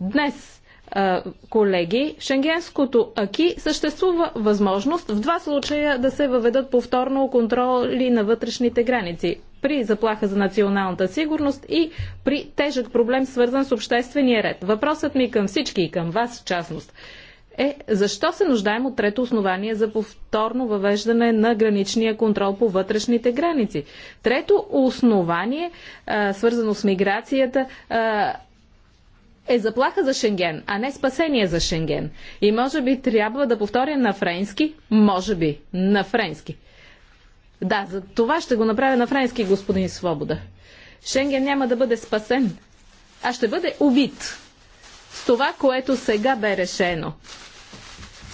Speaker 2: Днес, а, колеги, Шенгенското АКИ съществува възможност в два случая да се въведат повторно контроли на вътрешните граници при заплаха за националната сигурност и при тежък проблем, свързан с обществения ред. Въпросът ми към всички и към вас в частност е защо се нуждаем от трето основание за повторно въвеждане на граничния контрол по вътрешните граници. Трето основание, а, свързано с миграцията, а, е заплаха за Шенген, а не спасение за Шенген. И може би трябва да повторя на френски, може би на френски. Да, за това ще го направя на френски, господин Свобода. Шенген няма да бъде спасен, а ще бъде убит с това, което сега бе решено.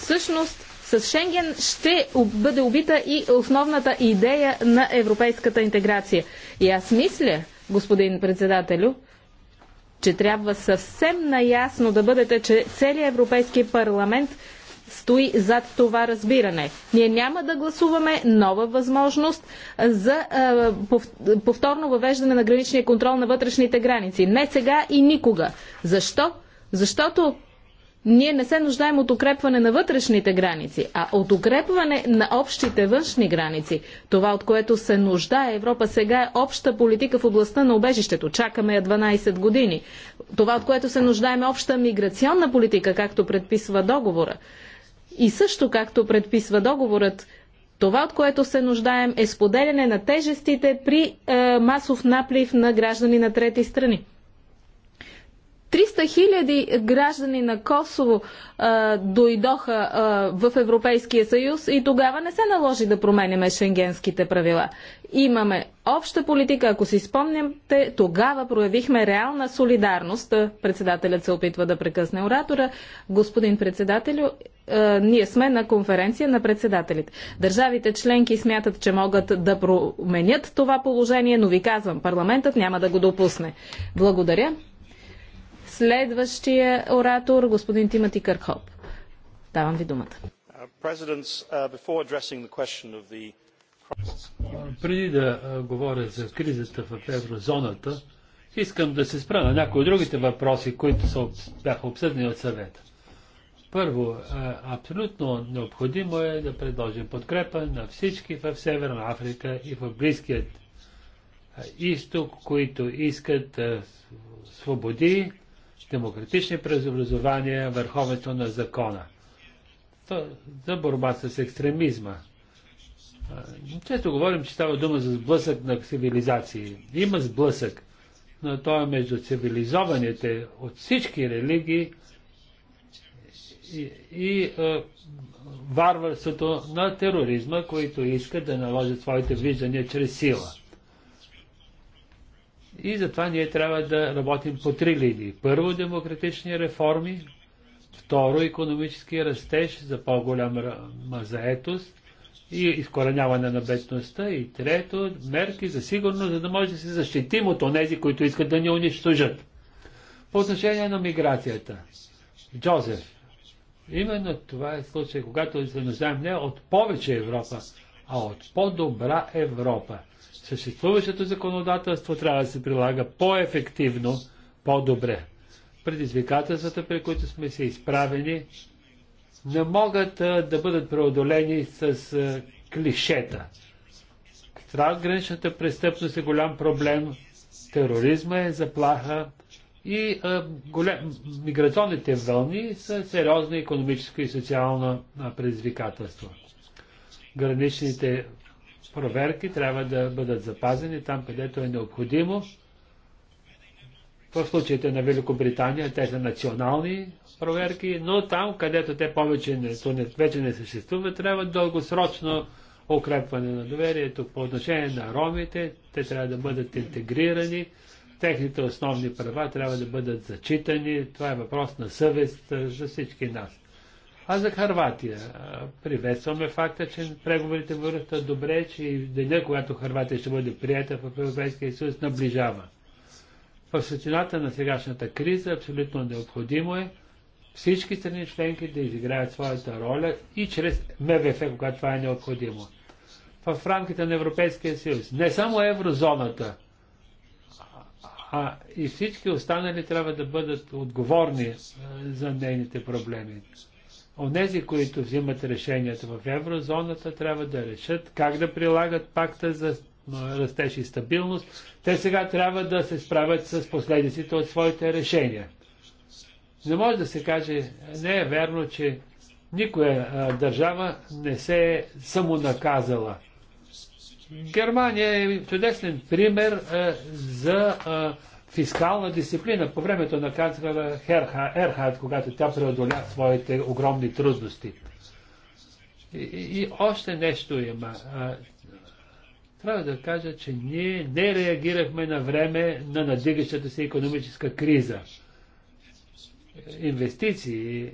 Speaker 2: Всъщност, с Шенген ще бъде убита и основната идея на европейската интеграция. И аз мисля, господин председателю, че трябва съвсем наясно да бъдете, че целият Европейски парламент стои зад това разбиране. Ние няма да гласуваме нова възможност за повторно въвеждане на граничния контрол на вътрешните граници. Не сега и никога. Защо? Защото ние не се нуждаем от укрепване на вътрешните граници, а от укрепване на общите външни граници. Това, от което се нуждае Европа сега е обща политика в областта на обежището. Чакаме я 12 години. Това, от което се нуждаем е обща миграционна политика, както предписва договора. И също както предписва договорът, това, от което се нуждаем е споделяне на тежестите при е, масов наплив на граждани на трети страни. 300 хиляди граждани на Косово а, дойдоха а, в Европейския съюз и тогава не се наложи да променяме шенгенските правила. Имаме обща политика, ако си спомняте, тогава проявихме реална солидарност. Председателят се опитва да прекъсне оратора. Господин председателю, ние сме на конференция на председателите. Държавите членки смятат, че могат да променят това положение, но ви казвам, парламентът няма да го допусне. Благодаря. Следващия оратор, господин Тимати Къркхоп. Давам ви думата. Uh,
Speaker 1: Преди да говоря за кризата в еврозоната, искам да се спра на някои от другите въпроси, които са, бяха обсъдени от съвета. Първо, абсолютно необходимо е да предложим подкрепа на всички в Северна Африка и в Близкият изток, които искат свободи, демократични преобразования, върховето на закона. То, за борба с екстремизма. Често говорим, че става дума за сблъсък на цивилизации. Има сблъсък, но той е между цивилизованите от всички религии и, и е, варварството на тероризма, които искат да наложат своите виждания чрез сила. И затова ние трябва да работим по три линии. Първо, демократични реформи. Второ, економически растеж за по-голяма заетост и изкореняване на бедността. И трето, мерки за сигурност, за да може да се защитим от онези, които искат да ни унищожат. По отношение на миграцията. Джозеф, именно това е случай, когато се нуждаем не от повече Европа, а от по-добра Европа. Съществуващото законодателство трябва да се прилага по-ефективно, по-добре. Предизвикателствата, при които сме се изправени, не могат а, да бъдат преодолени с а, клишета. Трансграничната престъпност е голям проблем, тероризма е заплаха и а, голем, миграционните вълни са сериозна економическо и социално предизвикателство граничните проверки трябва да бъдат запазени там, където е необходимо. В случаите на Великобритания те са национални проверки, но там, където те повече не, вече не съществуват, трябва дългосрочно укрепване на доверието. По отношение на ромите, те трябва да бъдат интегрирани, техните основни права трябва да бъдат зачитани. Това е въпрос на съвест за всички нас. А за Харватия. Приветстваме факта, че преговорите върват добре, че и деня, когато Харватия ще бъде прията в Европейския съюз, наближава. В светлината на сегашната криза абсолютно необходимо е всички страни членки да изиграят своята роля и чрез МВФ, когато това е необходимо. В рамките на Европейския съюз. Не само еврозоната, а и всички останали трябва да бъдат отговорни за нейните проблеми. Онези, които взимат решенията в еврозоната, трябва да решат как да прилагат пакта за растеж и стабилност. Те сега трябва да се справят с последиците от своите решения. Не може да се каже, не е верно, че никоя държава не се е самонаказала. Германия е чудесен пример а, за а, фискална дисциплина по времето на канцлера Ерхард, когато тя преодоля своите огромни трудности. И, и, и още нещо има. А, трябва да кажа, че ние не реагирахме на време на надигащата се економическа криза. Инвестиции,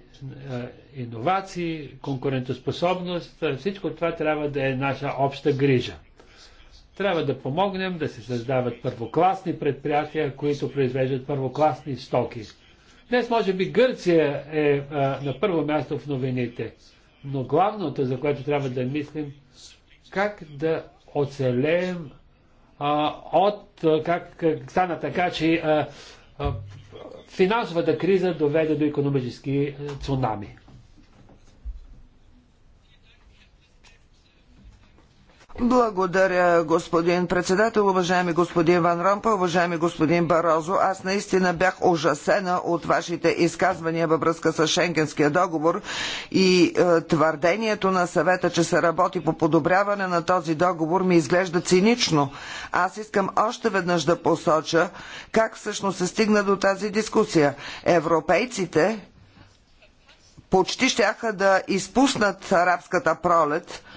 Speaker 1: иновации, конкурентоспособност, всичко това трябва да е наша обща грижа. Трябва да помогнем да се създават първокласни предприятия, които произвеждат първокласни стоки. Днес, може би, Гърция е а, на първо място в новините. Но главното, за което трябва да мислим, как да оцелеем а, от как, как стана така, че а, а, финансовата криза доведе до економически цунами.
Speaker 3: Благодаря, господин председател, уважаеми господин Ван Ромпа, уважаеми господин Барозо. Аз наистина бях ужасена от вашите изказвания във връзка с Шенгенския договор и е, твърдението на съвета, че се работи по подобряване на този договор, ми изглежда цинично. Аз искам още веднъж да посоча как всъщност се стигна до тази дискусия. Европейците почти щяха да изпуснат арабската пролет –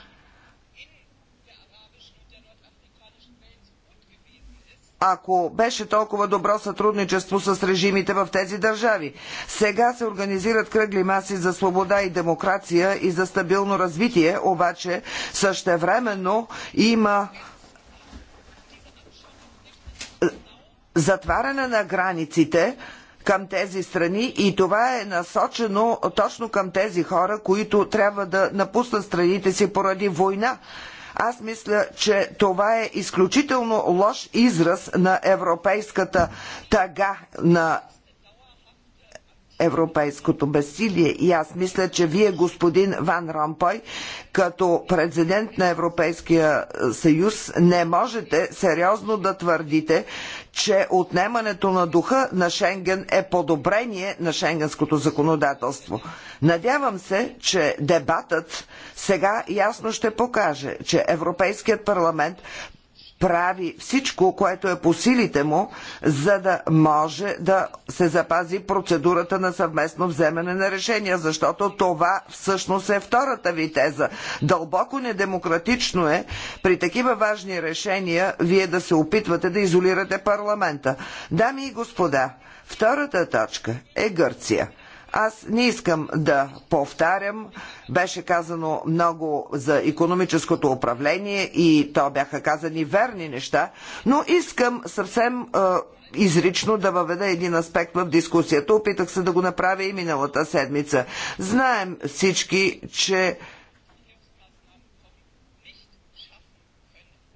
Speaker 3: ако беше толкова добро сътрудничество с режимите в тези държави. Сега се организират кръгли маси за свобода и демокрация и за стабилно развитие, обаче същевременно има е, затваряне на границите, към тези страни и това е насочено точно към тези хора, които трябва да напуснат страните си поради война. Аз мисля, че това е изключително лош израз на европейската тага на европейското безсилие. И аз мисля, че вие, господин Ван Ромпой, като президент на Европейския съюз, не можете сериозно да твърдите, че отнемането на духа на Шенген е подобрение на шенгенското законодателство. Надявам се, че дебатът сега ясно ще покаже, че Европейският парламент прави всичко, което е по силите му, за да може да се запази процедурата на съвместно вземане на решения, защото това всъщност е втората ви теза. Дълбоко недемократично е при такива важни решения вие да се опитвате да изолирате парламента. Дами и господа, втората точка е Гърция. Аз не искам да повтарям. Беше казано много за економическото управление и то бяха казани верни неща, но искам съвсем изрично да въведа един аспект в дискусията. Опитах се да го направя и миналата седмица. Знаем всички, че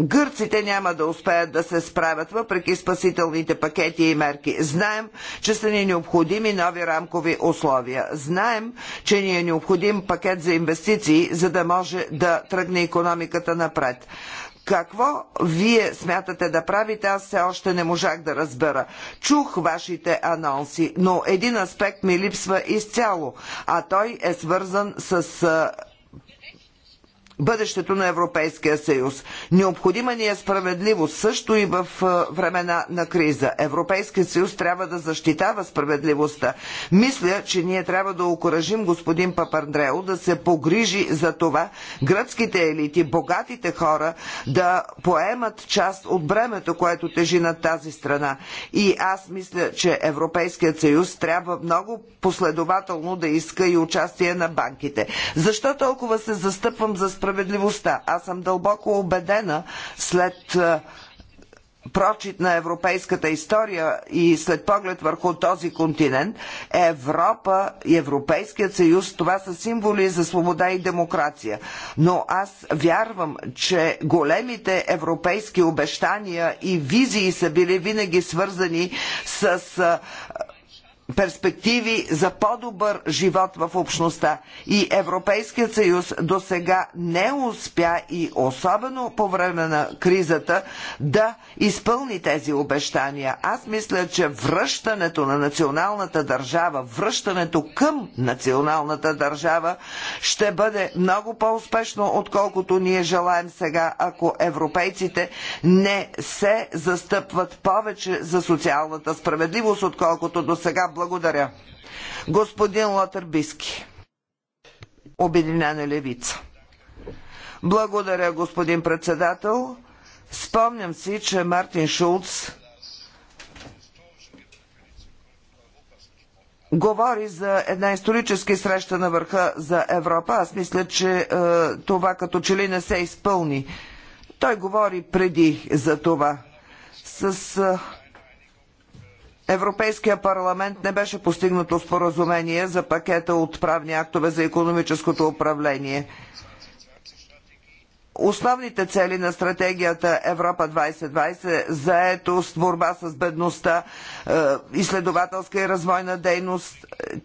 Speaker 3: Гърците няма да успеят да се справят въпреки спасителните пакети и мерки. Знаем, че са ни необходими нови рамкови условия. Знаем, че ни е необходим пакет за инвестиции, за да може да тръгне економиката напред. Какво вие смятате да правите, аз все още не можах да разбера. Чух вашите анонси, но един аспект ми липсва изцяло, а той е свързан с бъдещето на Европейския съюз. Необходима ни е справедливост също и в времена на криза. Европейският съюз трябва да защитава справедливостта. Мисля, че ние трябва да окоръжим господин Папандрео да се погрижи за това гръцките елити, богатите хора да поемат част от бремето, което тежи на тази страна. И аз мисля, че Европейският съюз трябва много последователно да иска и участие на банките. Защо толкова се застъпвам за справедливостта? справедливостта. Аз съм дълбоко убедена след е, прочит на европейската история и след поглед върху този континент, Европа и Европейският съюз, това са символи за свобода и демокрация. Но аз вярвам, че големите европейски обещания и визии са били винаги свързани с е, перспективи за по-добър живот в общността. И Европейският съюз до сега не успя и особено по време на кризата да изпълни тези обещания. Аз мисля, че връщането на националната държава, връщането към националната държава ще бъде много по-успешно, отколкото ние желаем сега, ако европейците не се застъпват повече за социалната справедливост, отколкото до сега. Благодаря. Господин Латърбиски. Обединена левица. Благодаря, господин председател. Спомням си, че Мартин Шулц говори за една исторически среща на върха за Европа. Аз мисля, че е, това като че ли не се изпълни. Той говори преди за това. С е, Европейския парламент не беше постигнато споразумение за пакета от правни актове за економическото управление. Основните цели на стратегията Европа 2020 е заетост, борба с бедността, е, изследователска и развойна дейност,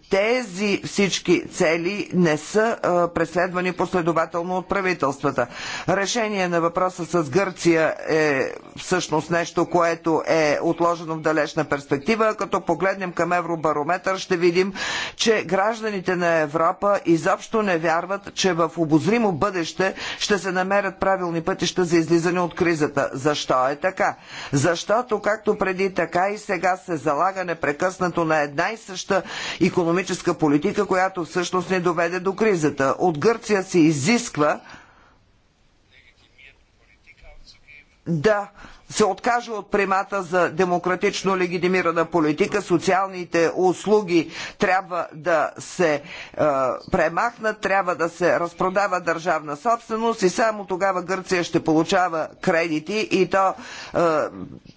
Speaker 3: тези всички цели не са е, преследвани последователно от правителствата. Решение на въпроса с Гърция е всъщност нещо, което е отложено в далечна перспектива. Като погледнем към Евробарометър, ще видим, че гражданите на Европа изобщо не вярват, че в обозримо бъдеще ще се намери намерят правилни пътища за излизане от кризата. Защо е така? Защото както преди, така и сега се залага непрекъснато на една и съща економическа политика, която всъщност не доведе до кризата. От Гърция се изисква да се откаже от примата за демократично легитимирана политика, социалните услуги трябва да се е, премахнат, трябва да се разпродава държавна собственост и само тогава Гърция ще получава кредити и то е,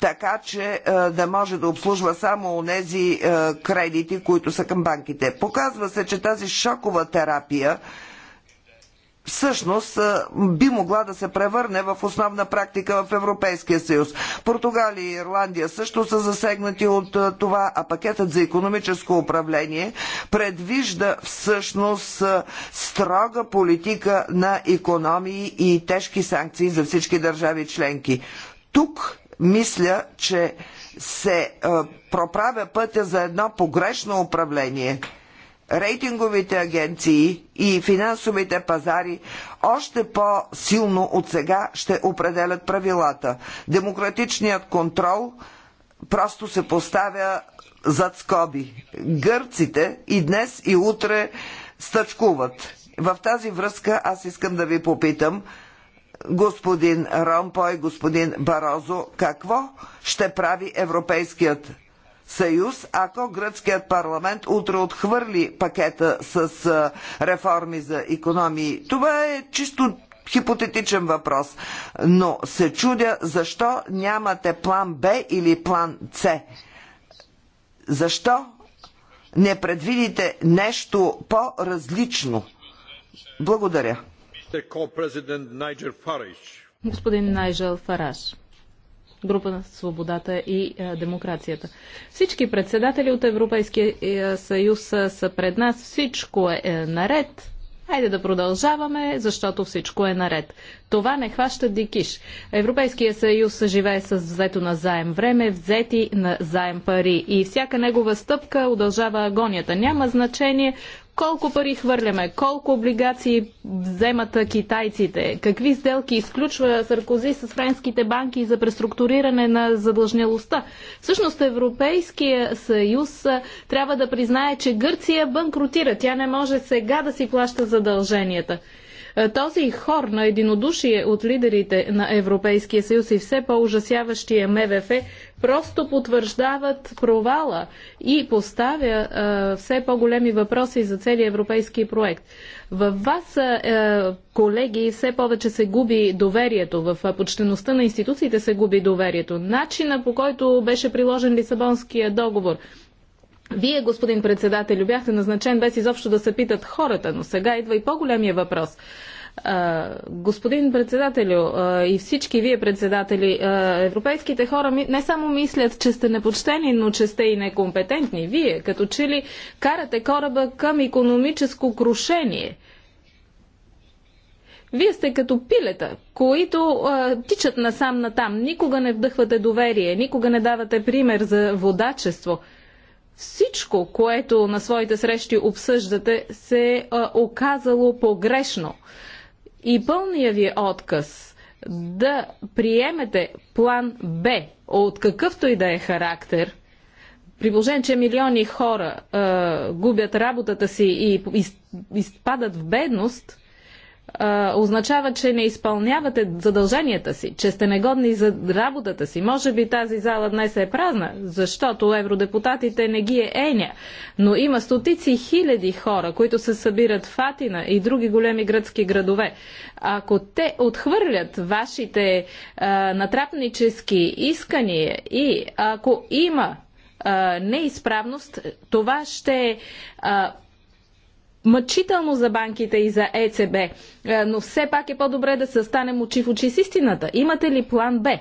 Speaker 3: така, че е, да може да обслужва само онези е, кредити, които са към банките. Показва се, че тази шокова терапия всъщност би могла да се превърне в основна практика в Европейския съюз. Португалия и Ирландия също са засегнати от това, а пакетът за економическо управление предвижда всъщност строга политика на економии и тежки санкции за всички държави членки. Тук мисля, че се проправя пътя за едно погрешно управление – рейтинговите агенции и финансовите пазари още по-силно от сега ще определят правилата. Демократичният контрол просто се поставя зад скоби. Гърците и днес и утре стъчкуват. В тази връзка аз искам да ви попитам, господин Ромпой, господин Барозо, какво ще прави Европейският съюз, ако гръцкият парламент утре отхвърли пакета с реформи за економии. Това е чисто хипотетичен въпрос, но се чудя защо нямате план Б или план С. Защо не предвидите нещо по-различно? Благодаря.
Speaker 2: Господин Найджел Фараш група на свободата и е, демокрацията. Всички председатели от Европейския е, съюз е, са пред нас. Всичко е наред. Хайде да продължаваме, защото всичко е наред. Това не хваща дикиш. Европейския съюз живее с взето на заем време, взети на заем пари и всяка негова стъпка удължава агонията. Няма значение колко пари хвърляме, колко облигации вземат китайците, какви сделки изключва Саркози с френските банки за преструктуриране на задължнялостта. Всъщност Европейския съюз трябва да признае, че Гърция банкротира. Тя не може сега да си плаща задълженията. Е, този хор на единодушие от лидерите на Европейския съюз и все по-ужасяващия МВФ просто потвърждават провала и поставя е, все по-големи въпроси за целия европейски проект. Във вас, е, колеги, все повече се губи доверието. В е, почтеността на институциите се губи доверието. Начина по който беше приложен Лисабонския договор – вие, господин председател, бяхте назначен без изобщо да се питат хората, но сега идва и по-големия въпрос. Господин председателю и всички вие председатели, европейските хора не само мислят, че сте непочтени, но че сте и некомпетентни. Вие, като че ли карате кораба към економическо крушение. Вие сте като пилета, които а, тичат насам-натам. Никога не вдъхвате доверие, никога не давате пример за водачество – всичко, което на своите срещи обсъждате, се е оказало погрешно. И пълния ви отказ да приемете план Б от какъвто и да е характер, при положение, че милиони хора е, губят работата си и изпадат в бедност, означава, че не изпълнявате задълженията си, че сте негодни за работата си. Може би тази зала днес е празна, защото евродепутатите не ги е еня, но има стотици хиляди хора, които се събират в Атина и други големи гръцки градове. Ако те отхвърлят вашите а, натрапнически искания и ако има неизправност, това ще а, мъчително за банките и за ЕЦБ, е, но все пак е по-добре да се станем очи в очи с истината. Имате ли план Б?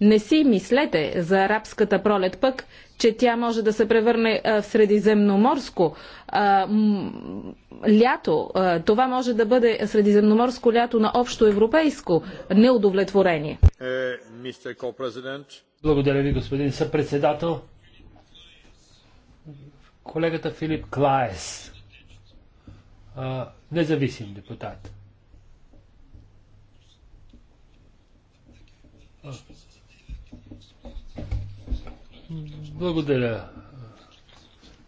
Speaker 2: Не си мислете за арабската пролет пък, че тя може да се превърне в средиземноморско а, лято. А, това може да бъде средиземноморско лято на общо европейско неудовлетворение. Е,
Speaker 1: Благодаря ви, господин съпредседател. Колегата Филип Клаес а, независим депутат. Благодаря.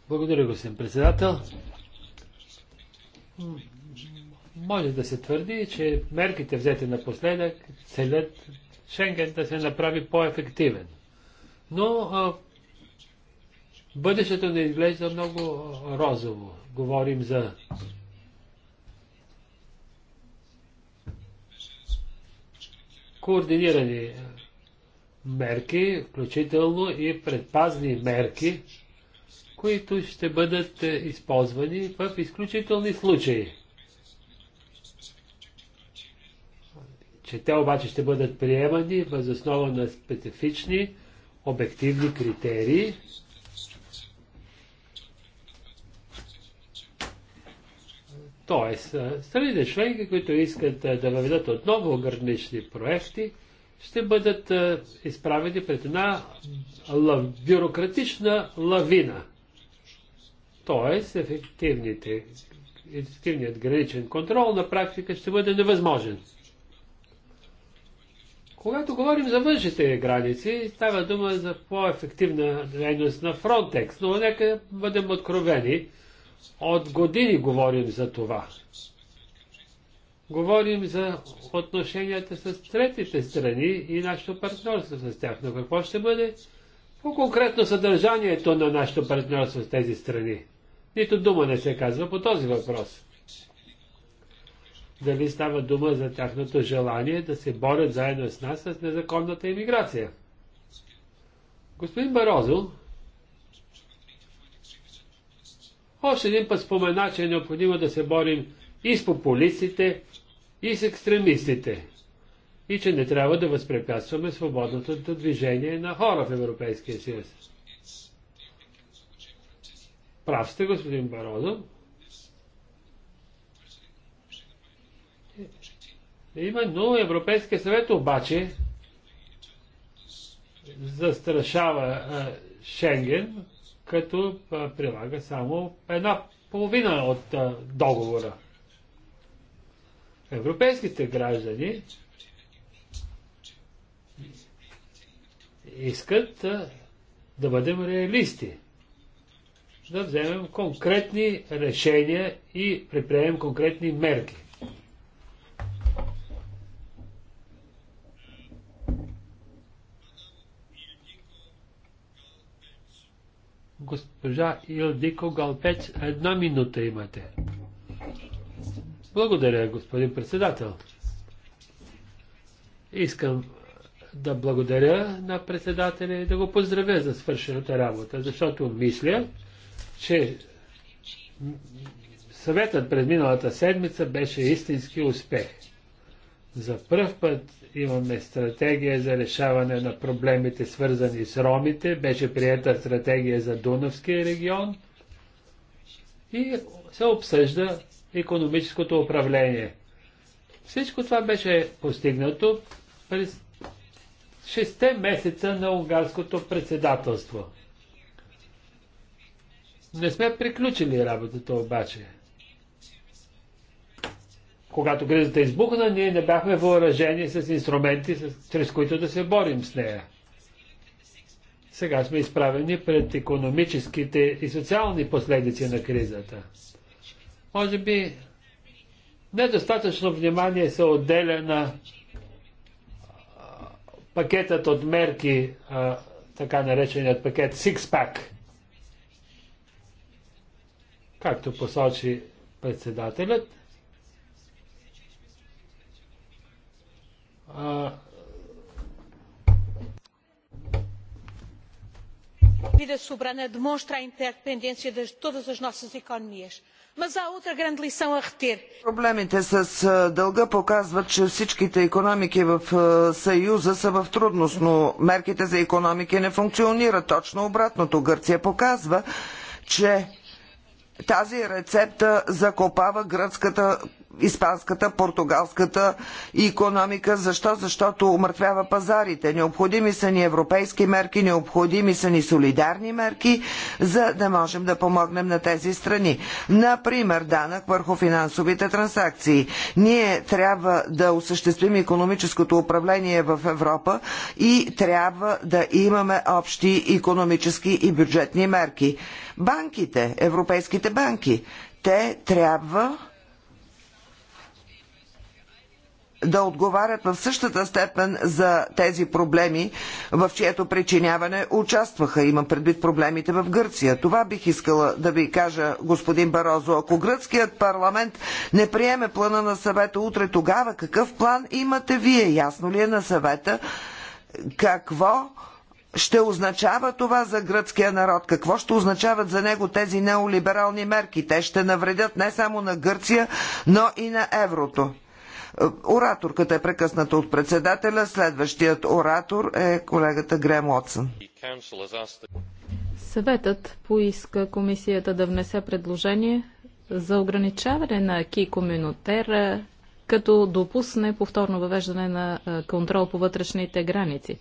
Speaker 1: Благодаря, господин председател. Може да се твърди, че мерките взети напоследък целят Шенген да се направи по-ефективен. Но а, бъдещето не изглежда много розово. Говорим за координирани мерки, включително и предпазни мерки, които ще бъдат е, използвани в изключителни случаи. Че те обаче ще бъдат приемани въз основа на специфични обективни критерии, Тоест, страните членки, които искат да въведат отново гранични проекти, ще бъдат изправени пред една лав... бюрократична лавина. Тоест, ефективните, ефективният граничен контрол на практика ще бъде невъзможен. Когато говорим за външните граници, става дума за по-ефективна дейност на Фронтекс, но нека бъдем откровени – от години говорим за това. Говорим за отношенията с третите страни и нашето партньорство с тях. Но какво ще бъде по-конкретно съдържанието на нашето партньорство с тези страни? Нито дума не се казва по този въпрос. Дали става дума за тяхното желание да се борят заедно с нас с незаконната иммиграция? Господин Барозо Още един път спомена, че е необходимо да се борим и с популистите, и с екстремистите. И че не трябва да възпрепятстваме свободното движение на хора в Европейския съюз. Прав сте, господин Барозо. Именно Европейския съвет обаче застрашава а, Шенген като прилага само една половина от договора. Европейските граждани искат да бъдем реалисти, да вземем конкретни решения и предприемем конкретни мерки. госпожа Илдико Галпеч. Една минута имате. Благодаря, господин председател. Искам да благодаря на председателя и да го поздравя за свършената работа, защото мисля, че съветът през миналата седмица беше истински успех. За първ път имаме стратегия за решаване на проблемите, свързани с ромите. Беше приета стратегия за Дунавския регион и се обсъжда економическото управление. Всичко това беше постигнато през 6 месеца на унгарското председателство. Не сме приключили работата обаче когато кризата е избухна, ние не бяхме въоръжени с инструменти, чрез които да се борим с нея. Сега сме изправени пред економическите и социални последици на кризата. Може би недостатъчно внимание се отделя на пакетът от мерки, така нареченият пакет Six Pack, както посочи председателят.
Speaker 2: dívida soberana demonstra a interdependência de todas as nossas economias. Mas há outra grande lição a reter.
Speaker 3: Проблемите с дълга показват, че всичките економики в Съюза са в трудност, но мерките за економики не функционират. Точно обратното. Гърция показва, че тази рецепта закопава гръцката испанската, португалската економика. Защо? Защото умъртвява пазарите. Необходими са ни европейски мерки, необходими са ни солидарни мерки, за да можем да помогнем на тези страни. Например, данък върху финансовите транзакции. Ние трябва да осъществим економическото управление в Европа и трябва да имаме общи економически и бюджетни мерки. Банките, европейските банки, те трябва да отговарят в същата степен за тези проблеми, в чието причиняване участваха. има предвид проблемите в Гърция. Това бих искала да ви кажа, господин Барозо. Ако гръцкият парламент не приеме плана на съвета утре, тогава какъв план имате вие? Ясно ли е на съвета? Какво? ще означава това за гръцкия народ? Какво ще означават за него тези неолиберални мерки? Те ще навредят не само на Гърция, но и на еврото. Ораторката е прекъсната от председателя. Следващият оратор е колегата Грем Отсън.
Speaker 2: Съветът поиска комисията да внесе предложение за ограничаване на ки коминотер, като допусне повторно въвеждане на контрол по вътрешните граници.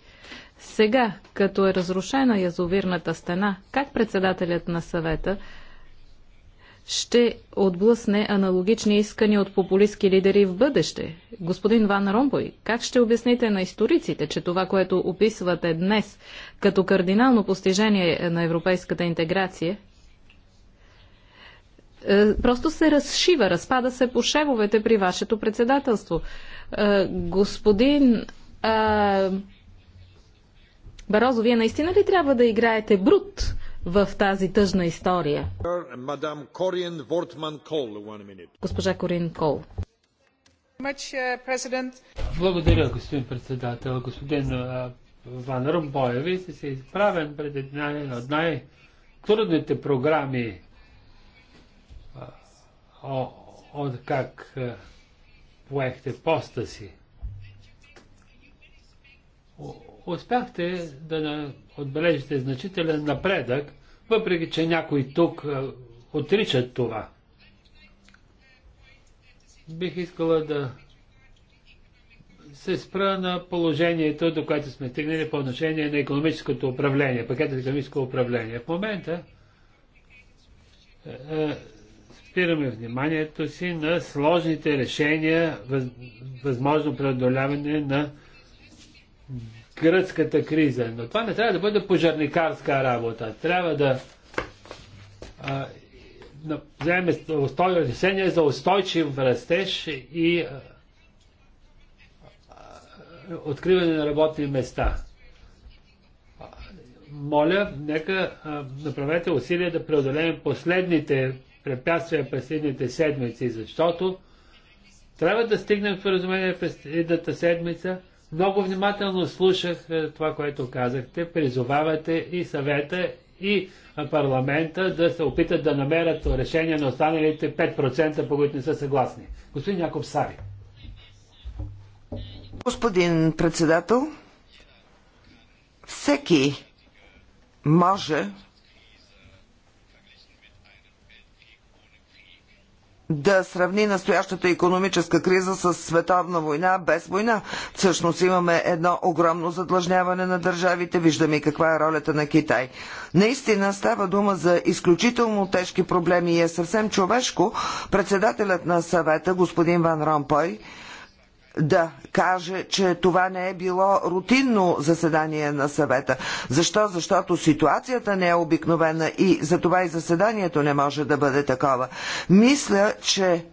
Speaker 2: Сега, като е разрушена язовирната стена, как председателят на съвета ще отблъсне аналогични искания от популистски лидери в бъдеще. Господин Ван Ромбой, как ще обясните на историците, че това, което описвате днес като кардинално постижение на европейската интеграция, е, просто се разшива, разпада се по шевовете при вашето председателство. Е, господин е, Барозо, вие наистина ли трябва да играете брут? в тази тъжна история. Госпожа Корин Кол.
Speaker 3: Uh,
Speaker 1: Благодаря, господин председател. Господин Ван Румбоя, вие сте се изправен пред една от най-трудните програми от как поехте поста си. Успяхте да отбележите значителен напредък, въпреки че някои тук е, отричат това. Бих искала да се спра на положението, до което сме стигнали по отношение на економическото управление, пакетът економическо управление. В момента е, е, спираме вниманието си на сложните решения, въз, възможно преодоляване на гръцката криза. Но това не трябва да бъде пожарникарска работа. Трябва да а, вземе устой, решение за устойчив растеж и а, а, откриване на работни места. Моля, нека а, направете усилия да преодолеем последните препятствия през последните седмици, защото трябва да стигнем в разумение през едната седмица – много внимателно слушах е, това, което казахте. Призовавате и съвета, и парламента да се опитат да намерят решение на останалите 5%, по които не са съгласни. Господин Яков Сави.
Speaker 3: Господин председател, всеки може да сравни настоящата економическа криза с световна война без война. Всъщност имаме едно огромно задлъжняване на държавите, виждаме каква е ролята на Китай. Наистина става дума за изключително тежки проблеми и е съвсем човешко председателят на съвета, господин Ван Ромпой, да каже, че това не е било рутинно заседание на съвета. Защо? Защото ситуацията не е обикновена и затова и заседанието не може да бъде такова. Мисля, че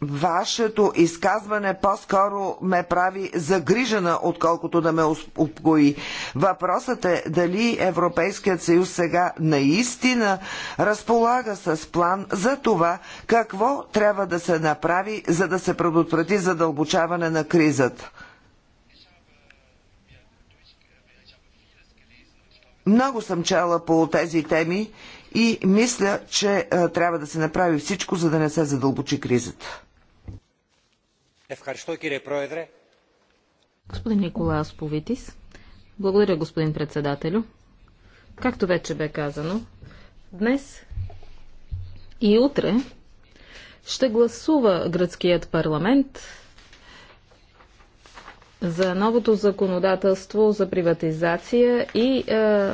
Speaker 3: Вашето изказване по-скоро ме прави загрижена, отколкото да ме успокои. Въпросът е дали Европейският съюз сега наистина разполага с план за това какво трябва да се направи, за да се предотврати задълбочаване на кризата. Много съм чела по тези теми и мисля, че е, трябва да се направи всичко, за да не се задълбочи кризата.
Speaker 2: Господин Николаус Повитис. Благодаря, господин председателю. Както вече бе казано, днес и утре ще гласува гръцкият парламент за новото законодателство за приватизация и е,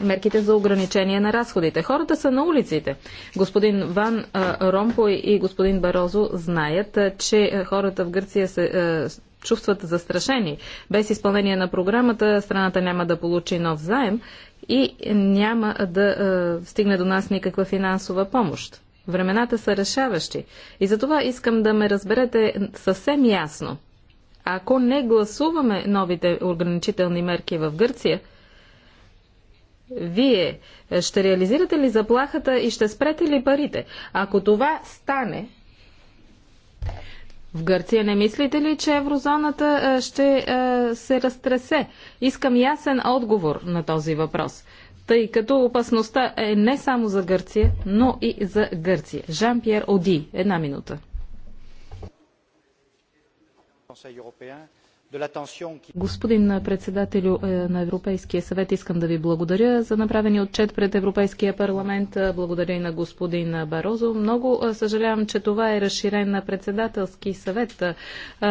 Speaker 2: мерките за ограничение на разходите. Хората са на улиците. Господин Ван е, Ромпой и господин Барозо знаят, е, че е, хората в Гърция се е, чувстват застрашени. Без изпълнение на програмата страната няма да получи нов заем и няма да е, стигне до нас никаква финансова помощ. Времената са решаващи. И за това искам да ме разберете съвсем ясно. Ако не гласуваме новите ограничителни мерки в Гърция, вие ще реализирате ли заплахата и ще спрете ли парите? Ако това стане, в Гърция не мислите ли, че еврозоната ще се разтресе? Искам ясен отговор на този въпрос, тъй като опасността е не само за Гърция, но и за Гърция. Жан-Пьер Оди, една минута. Господин председателю е, на Европейския съвет, искам да ви благодаря за направения отчет пред Европейския парламент. Благодаря и на господин Барозо. Много е, съжалявам, че това е разширен на председателски съвет, е,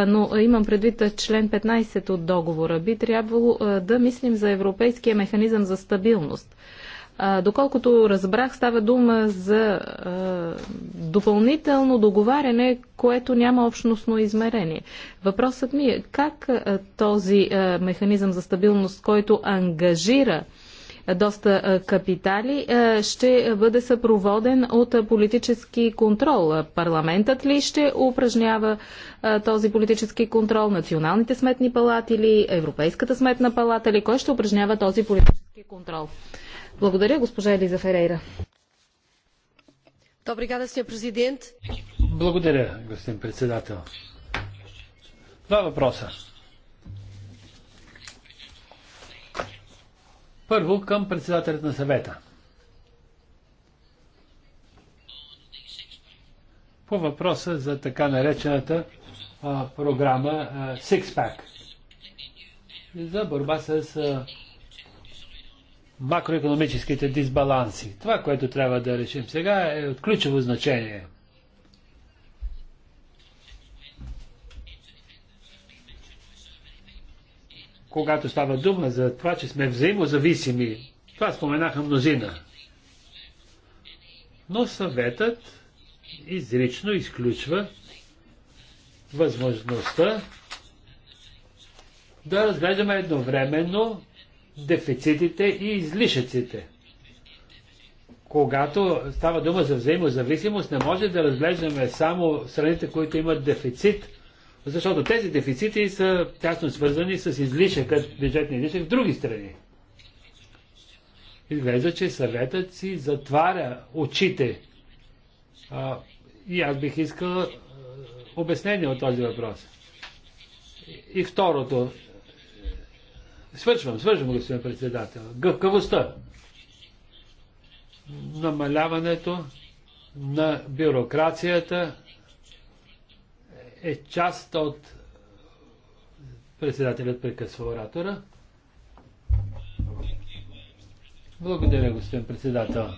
Speaker 2: но имам предвид член 15 от договора. Би трябвало да мислим за Европейския механизъм за стабилност. А, доколкото разбрах, става дума за а, допълнително договаряне, което няма общностно измерение. Въпросът ми е как а, този а, механизъм за стабилност, който ангажира доста капитали, ще бъде съпроводен от политически контрол. Парламентът ли ще упражнява този политически контрол, националните сметни палати ли, Европейската сметна палата ли, кой ще упражнява този политически контрол? Благодаря, госпожа Елиза Ферейра.
Speaker 1: Благодаря, господин председател. Два въпроса. Първо към председателят на съвета. По въпроса за така наречената а, програма а, Six Pack за борба с а, макроекономическите дисбаланси. Това, което трябва да решим сега, е от ключово значение. Когато става дума за това, че сме взаимозависими, това споменаха мнозина. Но съветът изрично изключва възможността да разглеждаме едновременно дефицитите и излишъците. Когато става дума за взаимозависимост, не може да разглеждаме само страните, които имат дефицит, защото тези дефицити са тясно свързани с излишъкът, бюджетния излишък в други страни. Изглежда, че съветът си затваря очите. А, и аз бих искал обяснение от този въпрос. И второто, Свършвам, свършвам, господин председател. Гъвкавостта. Намаляването на бюрокрацията е част от председателят прекъсва оратора. Благодаря, господин председател.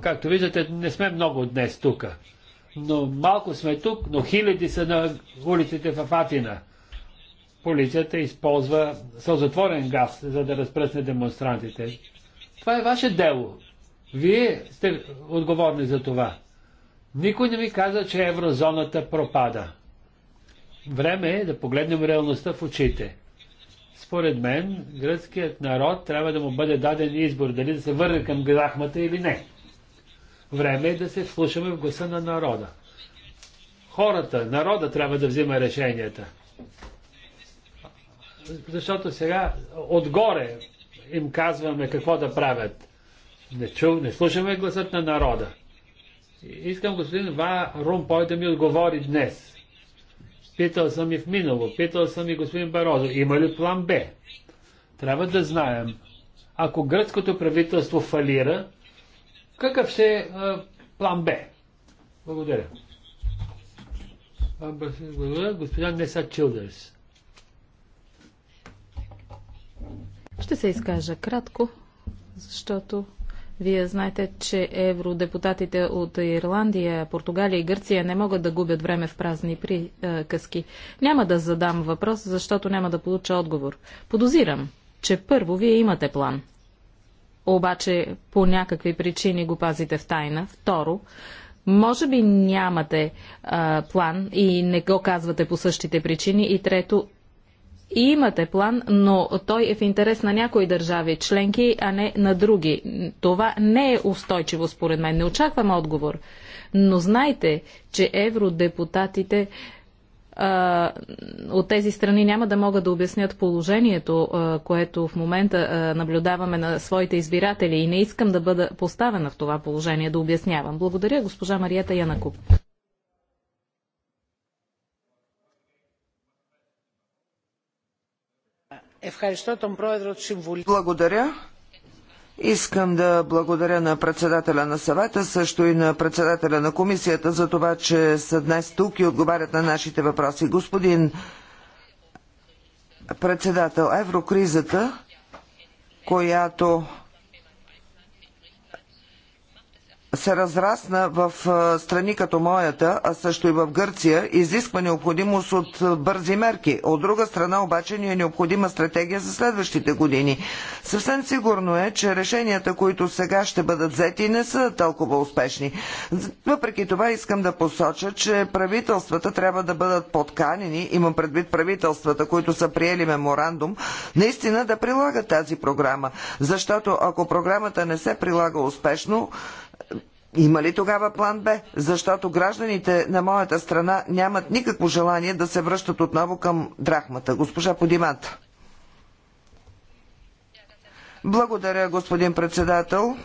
Speaker 1: Както виждате, не сме много днес тук. Но малко сме тук, но хиляди са на улиците в Афатина полицията използва сълзотворен газ, за да разпръсне демонстрантите. Това е ваше дело. Вие сте отговорни за това. Никой не ми каза, че еврозоната пропада. Време е да погледнем реалността в очите. Според мен, гръцкият народ трябва да му бъде даден избор дали да се върне към грахмата или не. Време е да се вслушаме в гласа на народа. Хората, народа трябва да взима решенията защото сега отгоре им казваме какво да правят. Не, чу, не слушаме гласът на народа. Искам господин Ва Румпой да ми отговори днес. Питал съм и в минало, питал съм и господин Барозо, има ли план Б? Трябва да знаем, ако гръцкото правителство фалира, какъв ще е план Б? Благодаря. Благодаря, господин Неса Чилдърс.
Speaker 2: Ще се изкажа кратко, защото вие знаете, че евродепутатите от Ирландия, Португалия и Гърция не могат да губят време в празни приказки. Няма да задам въпрос, защото няма да получа отговор. Подозирам, че първо вие имате план. Обаче по някакви причини го пазите в тайна. Второ, може би нямате а, план и не го казвате по същите причини. И трето, и имате план, но той е в интерес на някои държави членки, а не на други. Това не е устойчиво, според мен. Не очаквам отговор. Но знайте, че евродепутатите а, от тези страни няма да могат да обяснят положението, а, което в момента а, наблюдаваме на своите избиратели и не искам да бъда поставена в това положение да обяснявам. Благодаря, госпожа Марията Янакуп.
Speaker 3: Благодаря. Искам да благодаря на председателя на съвета, също и на председателя на комисията за това, че са днес тук и отговарят на нашите въпроси. Господин председател, еврокризата, която се разрасна в страни като моята, а също и в Гърция, изисква необходимост от бързи мерки. От друга страна обаче ни е необходима стратегия за следващите години. Съвсем сигурно е, че решенията, които сега ще бъдат взети, не са толкова успешни. Въпреки това искам да посоча, че правителствата трябва да бъдат подканени, имам предвид правителствата, които са приели меморандум, наистина да прилагат тази програма. Защото ако програмата не се прилага успешно, има ли тогава план Б? Защото гражданите на моята страна нямат никакво желание да се връщат отново към драхмата. Госпожа Подимата. Благодаря, господин председател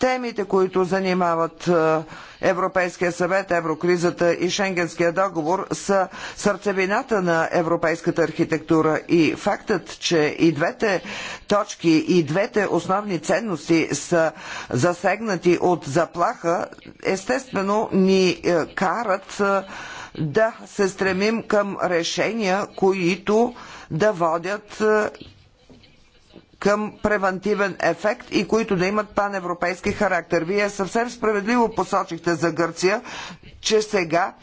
Speaker 3: темите, които занимават е, Европейския съвет, еврокризата и Шенгенския договор са сърцевината на европейската архитектура и фактът, че и двете точки и двете основни ценности са засегнати от заплаха, естествено ни е, карат е, да се стремим към решения, които да водят към превентивен ефект и които да имат паневропейски характер. Вие съвсем справедливо посочихте за Гърция, че сега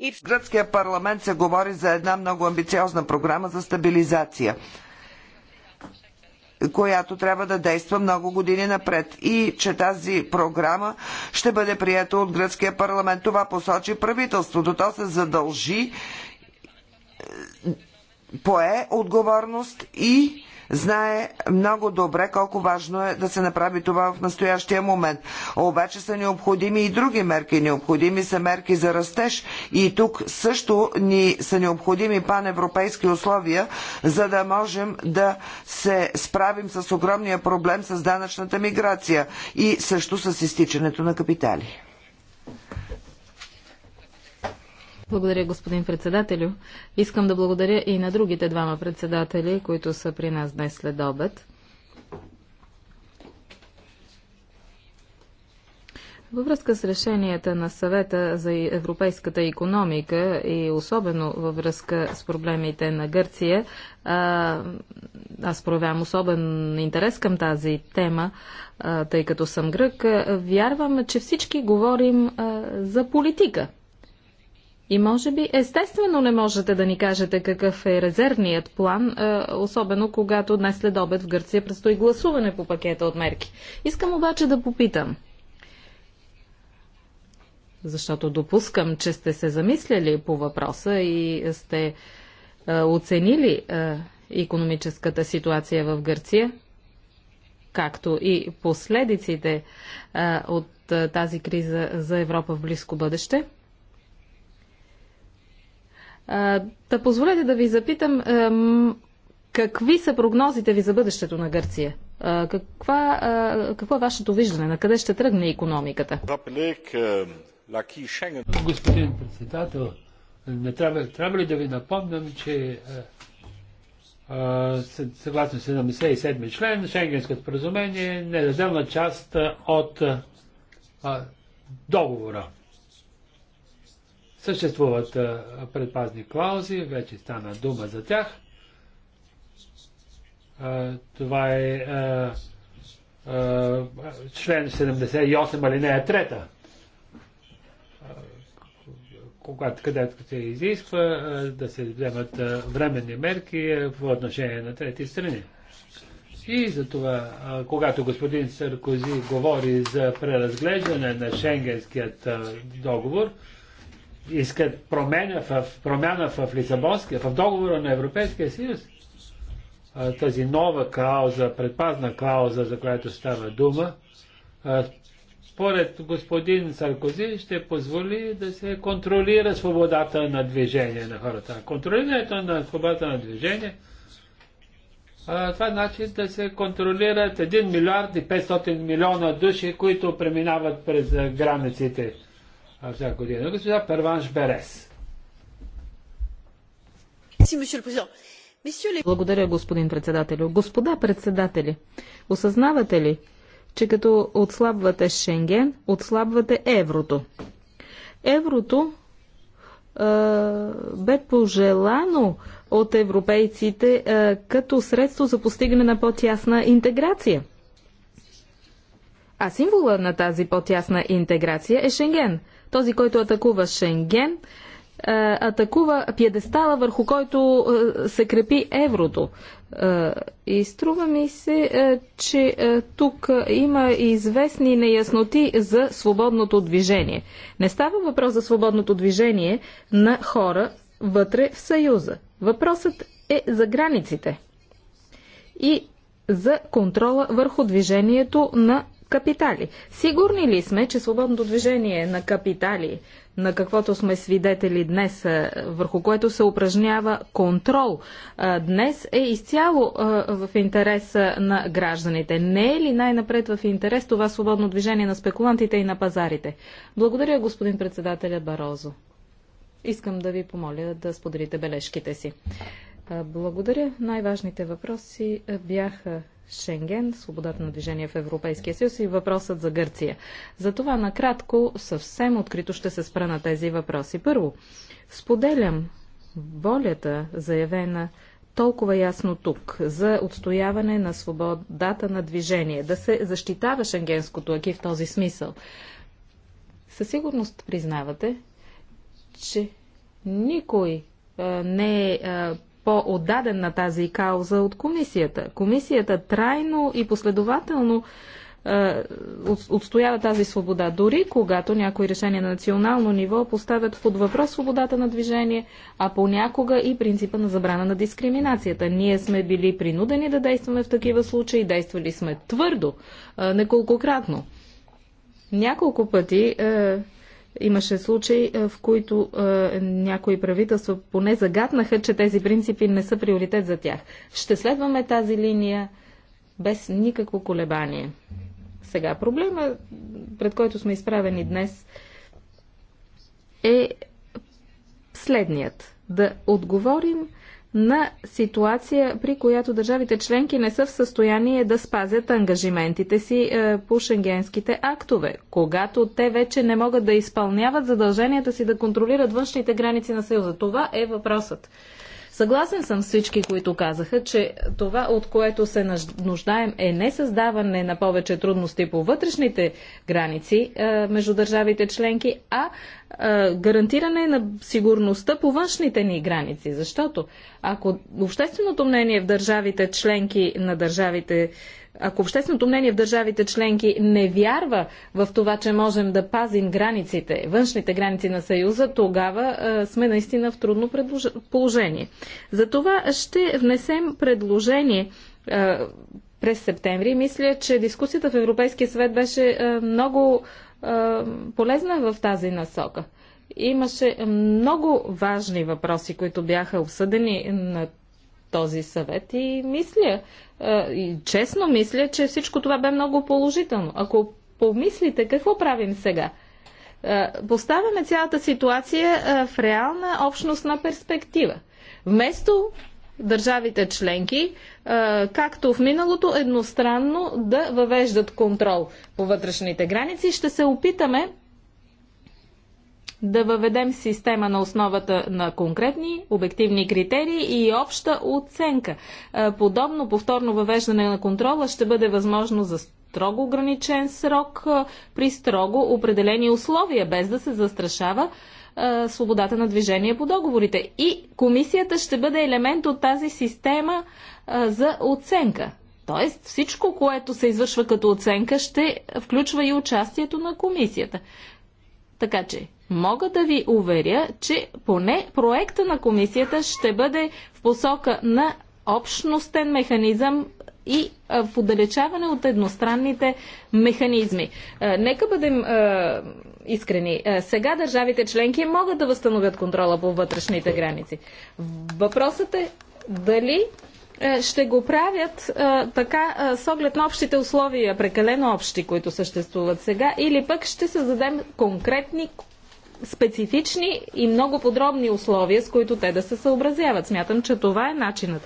Speaker 3: в гръцкия парламент се говори за една много амбициозна програма за стабилизация която трябва да действа много години напред и че тази програма ще бъде прията от гръцкия парламент. Това посочи правителството. То се задължи е, пое отговорност и знае много добре колко важно е да се направи това в настоящия момент. Обаче са необходими и други мерки. Необходими са мерки за растеж и тук също ни са необходими паневропейски условия, за да можем да се справим с огромния проблем с данъчната миграция и също с изтичането на капитали.
Speaker 2: Благодаря, господин председателю. Искам да благодаря и на другите двама председатели, които са при нас днес след обед. Във връзка с решенията на съвета за европейската економика и особено във връзка с проблемите на Гърция, аз проявявам особен интерес към тази тема, тъй като съм грък. Вярвам, че всички говорим за политика и може би естествено не можете да ни кажете какъв е резервният план, особено когато днес след обед в Гърция предстои гласуване по пакета от мерки. Искам обаче да попитам. Защото допускам, че сте се замисляли по въпроса и сте оценили економическата ситуация в Гърция, както и последиците от тази криза за Европа в близко бъдеще. Та позволете да ви запитам какви са прогнозите ви за бъдещето на Гърция? Каква, какво е вашето виждане? На къде ще тръгне економиката?
Speaker 1: Господин председател, не трябва, трябва ли да ви напомням, че съгласно 77 член, Шенгенското споразумение е неразделна част от а, договора. Съществуват предпазни клаузи, вече стана дума за тях. Това е член 78 алинея 3 когато, където се изисква да се вземат временни мерки по отношение на трети страни. И за това, когато господин Саркози говори за преразглеждане на Шенгенският договор, искат промяна в, промяна в Лисабонския, в договора на Европейския съюз, тази нова клауза, предпазна клауза, за която става дума, според господин Саркози ще позволи да се контролира свободата на движение на хората. Контролирането на свободата на движение, това значи да се контролират 1 милиард и 500 милиона души, които преминават през границите всяка година. Госпожа Перванш Берес.
Speaker 2: Благодаря, господин председателю. Господа председатели, осъзнавате ли, че като отслабвате Шенген, отслабвате еврото? Еврото е, бе пожелано от европейците е, като средство за постигане на по-тясна интеграция. А символа на тази по-тясна интеграция е Шенген – този, който атакува Шенген, е, атакува пьедестала, върху който е, се крепи еврото. Е, и струва ми се, че тук има известни неясноти за свободното движение. Не става въпрос за свободното движение на хора вътре в Съюза. Въпросът е за границите и за контрола върху движението на капитали. Сигурни ли сме, че свободното движение на капитали, на каквото сме свидетели днес, върху което се упражнява контрол, днес е изцяло в интерес на гражданите? Не е ли най-напред в интерес това свободно движение на спекулантите и на пазарите? Благодаря, господин председателя Барозо. Искам да ви помоля да споделите бележките си. Благодаря. Най-важните въпроси бяха Шенген, свободата на движение в Европейския съюз и въпросът за Гърция. Затова накратко, съвсем открито ще се спра на тези въпроси. Първо, споделям волята, заявена толкова ясно тук, за отстояване на свободата на движение, да се защитава шенгенското аки в този смисъл. Със сигурност признавате, че никой не е по-отдаден на тази кауза от комисията. Комисията трайно и последователно е, отстоява тази свобода, дори когато някои решения на национално ниво поставят под въпрос свободата на движение, а понякога и принципа на забрана на дискриминацията. Ние сме били принудени да действаме в такива случаи, действали сме твърдо, е, неколкократно. Няколко пъти е, Имаше случаи, е, в които е, някои правителства поне загаднаха, че тези принципи не са приоритет за тях. Ще следваме тази линия без никакво колебание. Сега проблема, пред който сме изправени днес, е следният. Да отговорим на ситуация, при която държавите членки не са в състояние да спазят ангажиментите си е, по шенгенските актове, когато те вече не могат да изпълняват задълженията си да контролират външните граници на Съюза. Това е въпросът. Съгласен съм с всички, които казаха, че това, от което се нуждаем е не създаване на повече трудности по вътрешните граници е, между държавите членки, а гарантиране на сигурността по външните ни граници. Защото ако общественото мнение в държавите членки на държавите ако общественото мнение в държавите членки не вярва в това, че можем да пазим границите, външните граници на Съюза, тогава а, сме наистина в трудно предлож... положение. Затова ще внесем предложение а, през септември. Мисля, че дискусията в Европейския съвет беше а, много полезна в тази насока. Имаше много важни въпроси, които бяха обсъдени на този съвет и мисля, и честно мисля, че всичко това бе много положително. Ако помислите какво правим сега, поставяме цялата ситуация в реална общностна перспектива. Вместо държавите членки е, както в миналото, едностранно да въвеждат контрол по вътрешните граници. Ще се опитаме да въведем система на основата на конкретни обективни критерии и обща оценка. Е, подобно повторно въвеждане на контрола ще бъде възможно за строго ограничен срок е, при строго определени условия, без да се застрашава свободата на движение по договорите. И комисията ще бъде елемент от тази система за оценка. Тоест всичко, което се извършва като оценка, ще включва и участието на комисията. Така че мога да ви уверя, че поне проекта на комисията ще бъде в посока на общностен механизъм и в отдалечаване от едностранните механизми. Нека бъдем искрени. Е, сега държавите членки могат да възстановят контрола по вътрешните граници. Въпросът е дали е, ще го правят а, е, така а, с оглед на общите условия, прекалено общи, които съществуват сега, или пък ще създадем конкретни, специфични и много подробни условия, с които те да се съобразяват. Смятам, че това е начинът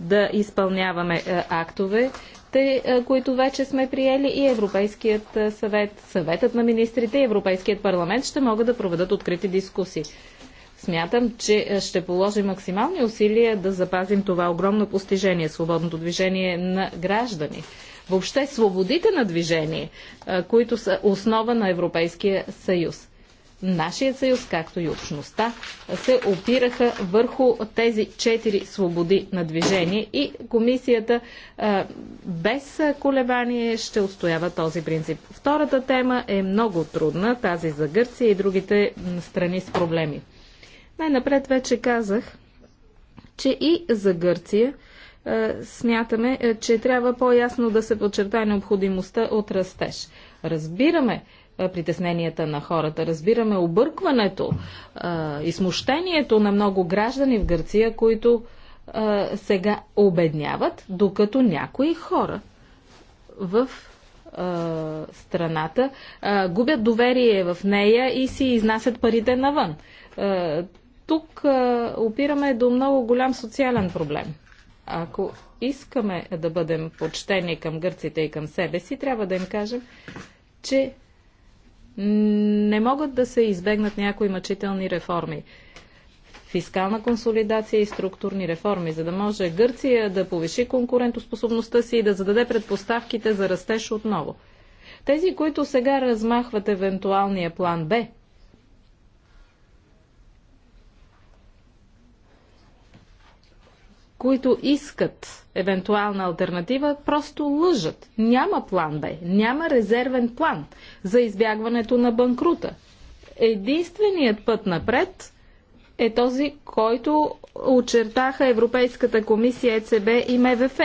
Speaker 2: да изпълняваме а, актове, те, е, които вече сме приели и Европейският е, съвет, съветът на министрите и Европейският парламент ще могат да проведат открити дискусии. Смятам, че е, ще положим максимални усилия да запазим това огромно постижение, свободното движение на граждани. Въобще свободите на движение, които са основа на Европейския съюз. Нашия съюз, както и общността, се опираха върху тези четири свободи на движение и комисията без колебание ще устоява този принцип. Втората тема е много трудна, тази за Гърция и другите страни с проблеми. Най-напред вече казах, че и за Гърция смятаме, е, че трябва по-ясно да се подчертае необходимостта от растеж. Разбираме, притесненията на хората. Разбираме объркването и смущението на много граждани в Гърция, които сега обедняват, докато някои хора в страната губят доверие в нея и си изнасят парите навън. Тук опираме до много голям социален проблем. Ако искаме да бъдем почтени към гърците и към себе си, трябва да им кажем, че не могат да се избегнат някои мъчителни реформи. Фискална консолидация и структурни реформи, за да може Гърция да повиши конкурентоспособността си и да зададе предпоставките за растеж отново. Тези, които сега размахват евентуалния план Б, които искат евентуална альтернатива, просто лъжат. Няма план Б, няма резервен план за избягването на банкрута. Единственият път напред е този, който очертаха Европейската комисия, ЕЦБ и МВФ.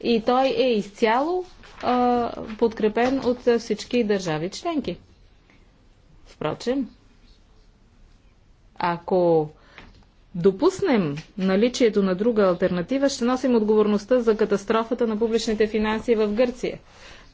Speaker 2: И той е изцяло а, подкрепен от всички държави членки. Впрочем, ако допуснем наличието на друга альтернатива, ще носим отговорността за катастрофата на публичните финанси в Гърция.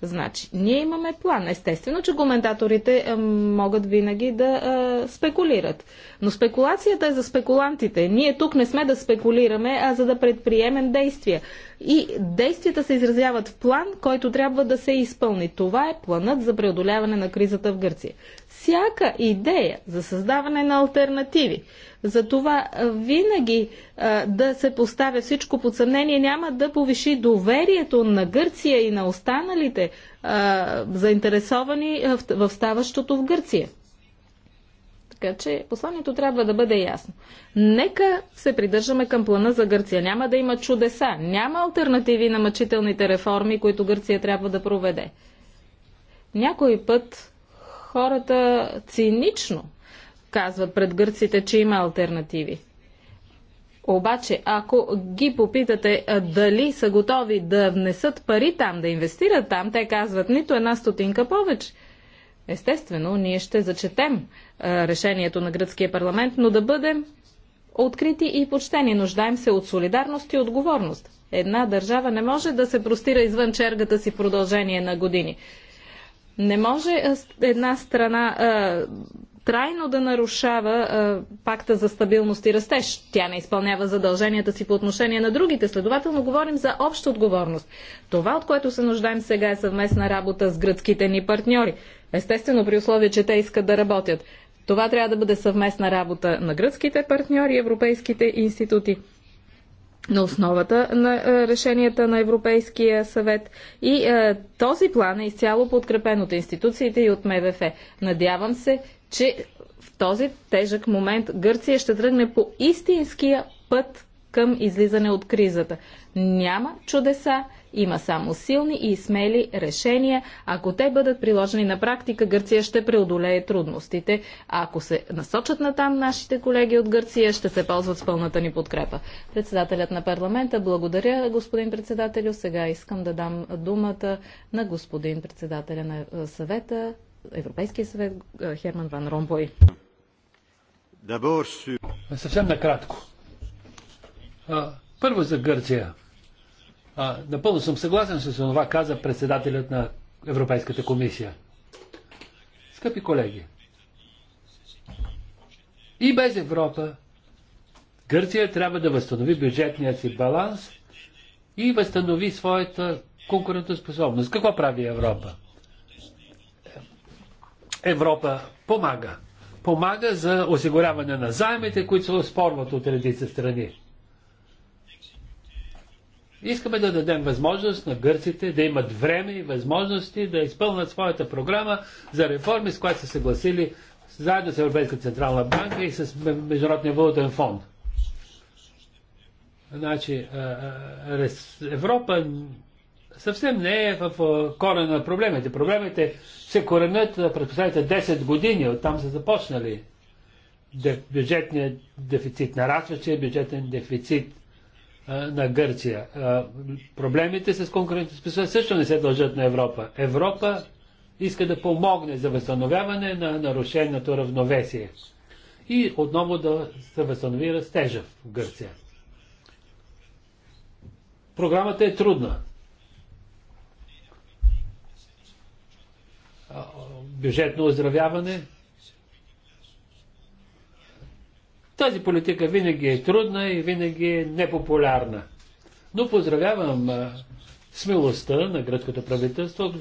Speaker 2: Значи, ние имаме план. Естествено, че коментаторите е, могат винаги да а, е, спекулират. Но спекулацията е за спекулантите. Ние тук не сме да спекулираме, а за да предприемем действия. И действията се изразяват в план, който трябва да се изпълни. Това е планът за преодоляване на кризата в Гърция всяка идея за създаване на альтернативи. За това винаги да се поставя всичко под съмнение няма да повиши доверието на Гърция и на останалите заинтересовани в ставащото в Гърция. Така че посланието трябва да бъде ясно. Нека се придържаме към плана за Гърция. Няма да има чудеса, няма альтернативи на мъчителните реформи, които Гърция трябва да проведе. Някой път хората цинично казват пред гърците, че има альтернативи. Обаче, ако ги попитате дали са готови да внесат пари там, да инвестират там, те казват нито една стотинка повече. Естествено, ние ще зачетем решението на гръцкия парламент, но да бъдем открити и почтени. Нуждаем се от солидарност и отговорност. Една държава не може да се простира извън чергата си в продължение на години. Не може една страна трайно да нарушава пакта за стабилност и растеж. Тя не изпълнява задълженията си по отношение на другите. Следователно говорим за обща отговорност. Това, от което се нуждаем сега е съвместна работа с гръцките ни партньори. Естествено, при условие, че те искат да работят. Това трябва да бъде съвместна работа на гръцките партньори европейските институти на основата на е, решенията на Европейския съвет. И е, този план е изцяло подкрепен от институциите и от МВФ. Надявам се, че в този тежък момент Гърция ще тръгне по истинския път към излизане от кризата. Няма чудеса, има само силни и смели решения. Ако те бъдат приложени на практика, Гърция ще преодолее трудностите. А ако се насочат на там нашите колеги от Гърция, ще се ползват с пълната ни подкрепа. Председателят на парламента, благодаря, господин председателю. Сега искам да дам думата на господин председателя на съвета, Европейския съвет, Херман Ван Ромбой.
Speaker 1: Съвсем накратко. Първо за Гърция. А, напълно съм съгласен с това, каза председателят на Европейската комисия. Скъпи колеги, и без Европа Гърция трябва да възстанови бюджетния си баланс и възстанови своята конкурентоспособност. Какво прави Европа? Европа помага. Помага за осигуряване на заемите, които се оспорват от редица страни. Искаме да дадем възможност на гърците да имат време и възможности да изпълнят своята програма за реформи, с която са съгласили заедно с Европейска централна банка и с Международния валутен фонд. Значи, Европа съвсем не е в корена на проблемите. Проблемите се коренят през последните 10 години, оттам са започнали. Бюджетният дефицит нарастваше, бюджетен дефицит на Гърция. Проблемите с конкурентоспособността също не се дължат на Европа. Европа иска да помогне за възстановяване на нарушеното равновесие и отново да се възстанови растежа в Гърция. Програмата е трудна. Бюджетно оздравяване – Тази политика винаги е трудна и винаги е непопулярна. Но поздравявам смилостта на гръцкото правителство,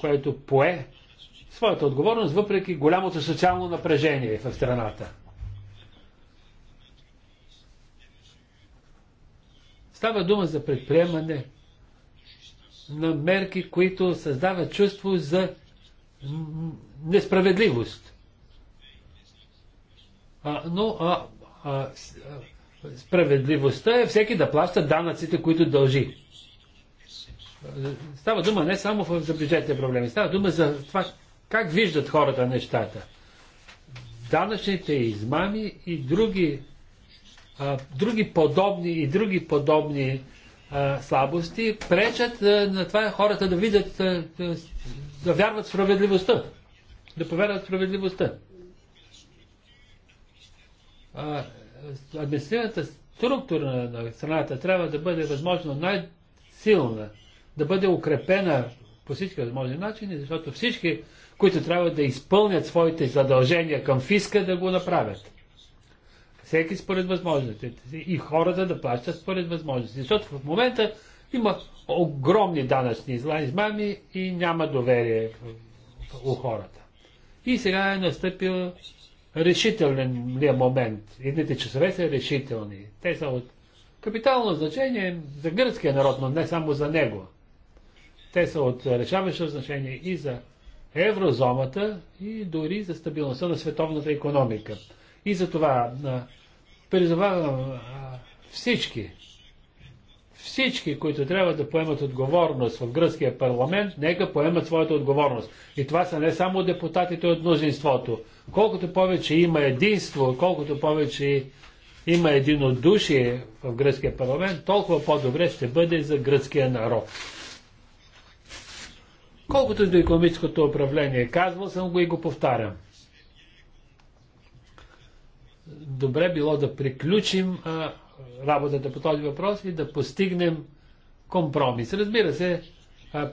Speaker 1: което пое своята отговорност, въпреки голямото социално напрежение в страната. Става дума за предприемане на мерки, които създават чувство за несправедливост. А, но а, а, справедливостта е всеки да плаща данъците, които дължи. Става дума не само за бюджетните проблеми, става дума за това как виждат хората нещата. Данъчните измами и други, а, други подобни и други подобни а, слабости пречат а, на това хората да видят, а, да, вярват в справедливостта, да повярват в справедливостта административната структура на страната трябва да бъде възможно най-силна, да бъде укрепена по всички възможни начини, защото всички, които трябва да изпълнят своите задължения към фиска, да го направят. Всеки според възможностите си и хората да плащат според възможностите. Защото в момента има огромни данъчни измами и няма доверие у хората. И сега е настъпила решителен ли е момент. Едните часове са решителни. Те са от капитално значение за гръцкия народ, но не само за него. Те са от решаващо значение и за еврозоната, и дори за стабилността на световната економика. И за това призовавам всички всички, които трябва да поемат отговорност в гръцкия парламент, нека поемат своята отговорност. И това са не само депутатите от мнозинството. Колкото повече има единство, колкото повече има единодушие в гръцкия парламент, толкова по-добре ще бъде за гръцкия народ. Колкото до економическото управление, казвал съм го и го повтарям. Добре било да приключим а, работата по този въпрос и да постигнем компромис. Разбира се,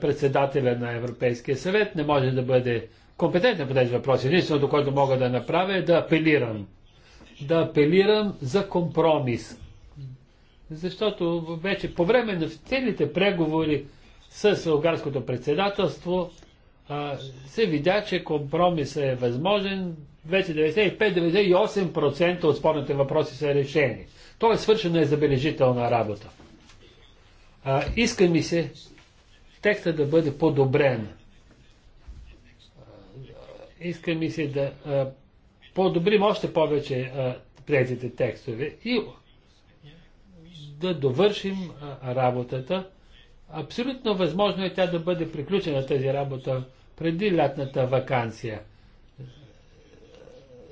Speaker 1: председателя на Европейския съвет не може да бъде компетентен по тези въпроси. Единственото, което мога да направя е да апелирам. Да апелирам за компромис. Защото вече по време на целите преговори с Унгарското председателство се видя, че компромисът е възможен, вече 95-98% от спорните въпроси са решени. Тоест свършена е забележителна работа. А, иска ми се текста да бъде подобрен. Иска ми се да а, подобрим още повече а, приятите текстове и да довършим а, работата. Абсолютно възможно е тя да бъде приключена тази работа преди лятната вакансия –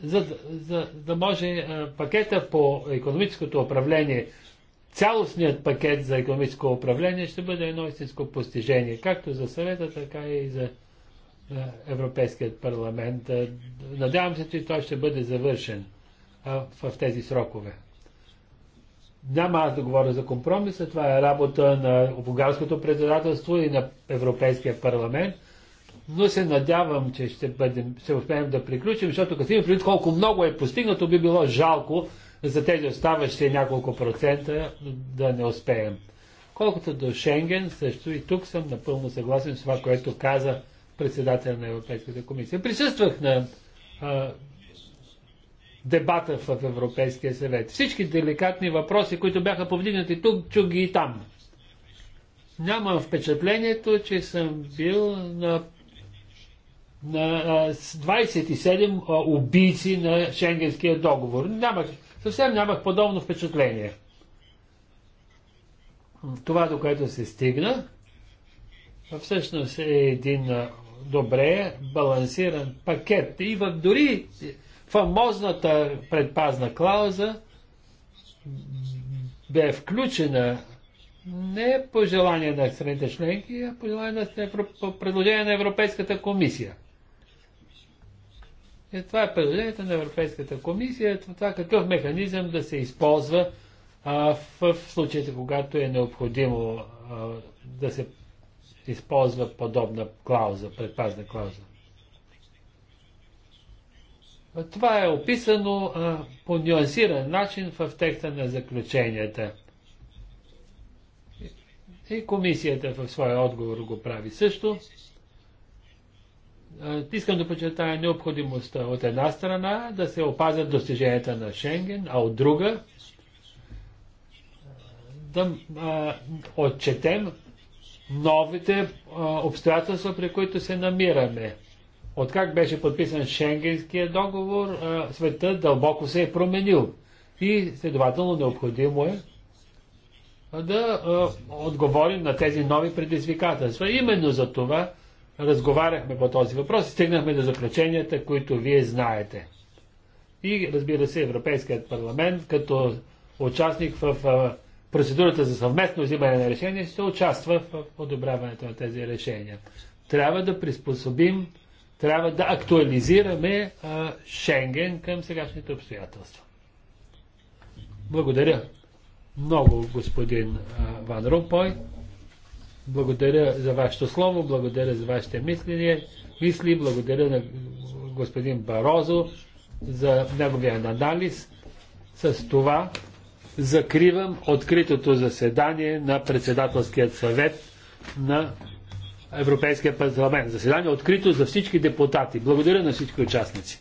Speaker 1: за, за да може пакета по економическото управление, цялостният пакет за економическо управление ще бъде едно истинско постижение, както за съвета, така и за Европейският парламент. Надявам се, че той ще бъде завършен в тези срокове. Няма аз да говоря за компромиса, това е работа на Бугарското председателство и на Европейския парламент – но се надявам, че ще, бъдем, ще успеем да приключим, защото като имам предвид колко много е постигнато, би било жалко за тези оставащи няколко процента да не успеем. Колкото до Шенген, също и тук съм напълно съгласен с това, което каза председателя на Европейската комисия. Присъствах на а, дебата в Европейския съвет. Всички деликатни въпроси, които бяха повдигнати тук, чух ги и там. Нямам впечатлението, че съм бил на на 27 убийци на Шенгенския договор. Нямах, съвсем нямах подобно впечатление. Това, до което се стигна, всъщност е един добре балансиран пакет. И в дори фамозната предпазна клауза бе включена не по желание на страните членки, а по желание на, предложение на Европейската комисия. Е, това е предложението на Европейската комисия, това какъв механизъм да се използва а, в, в случаите, когато е необходимо а, да се използва подобна клауза, предпазна клауза. Това е описано а, по нюансиран начин в текста на заключенията. И комисията в своя отговор го прави също. Искам да подчертая необходимостта от една страна да се опазят достиженията на Шенген, а от друга да а, отчетем новите а, обстоятелства, при които се намираме. От как беше подписан Шенгенския договор, а, света дълбоко се е променил. И следователно необходимо е да а, отговорим на тези нови предизвикателства. Именно за това разговаряхме по този въпрос и стигнахме до заключенията, които вие знаете. И разбира се, Европейският парламент, като участник в процедурата за съвместно взимане на решения, ще участва в одобряването на тези решения. Трябва да приспособим, трябва да актуализираме Шенген към сегашните обстоятелства. Благодаря много, господин Ван Рупой. Благодаря за вашето слово, благодаря за вашите мисли, мисли благодаря на господин Барозо за неговия анализ. С това закривам откритото заседание на председателският съвет на Европейския парламент. Заседание открито за всички депутати. Благодаря на всички участници.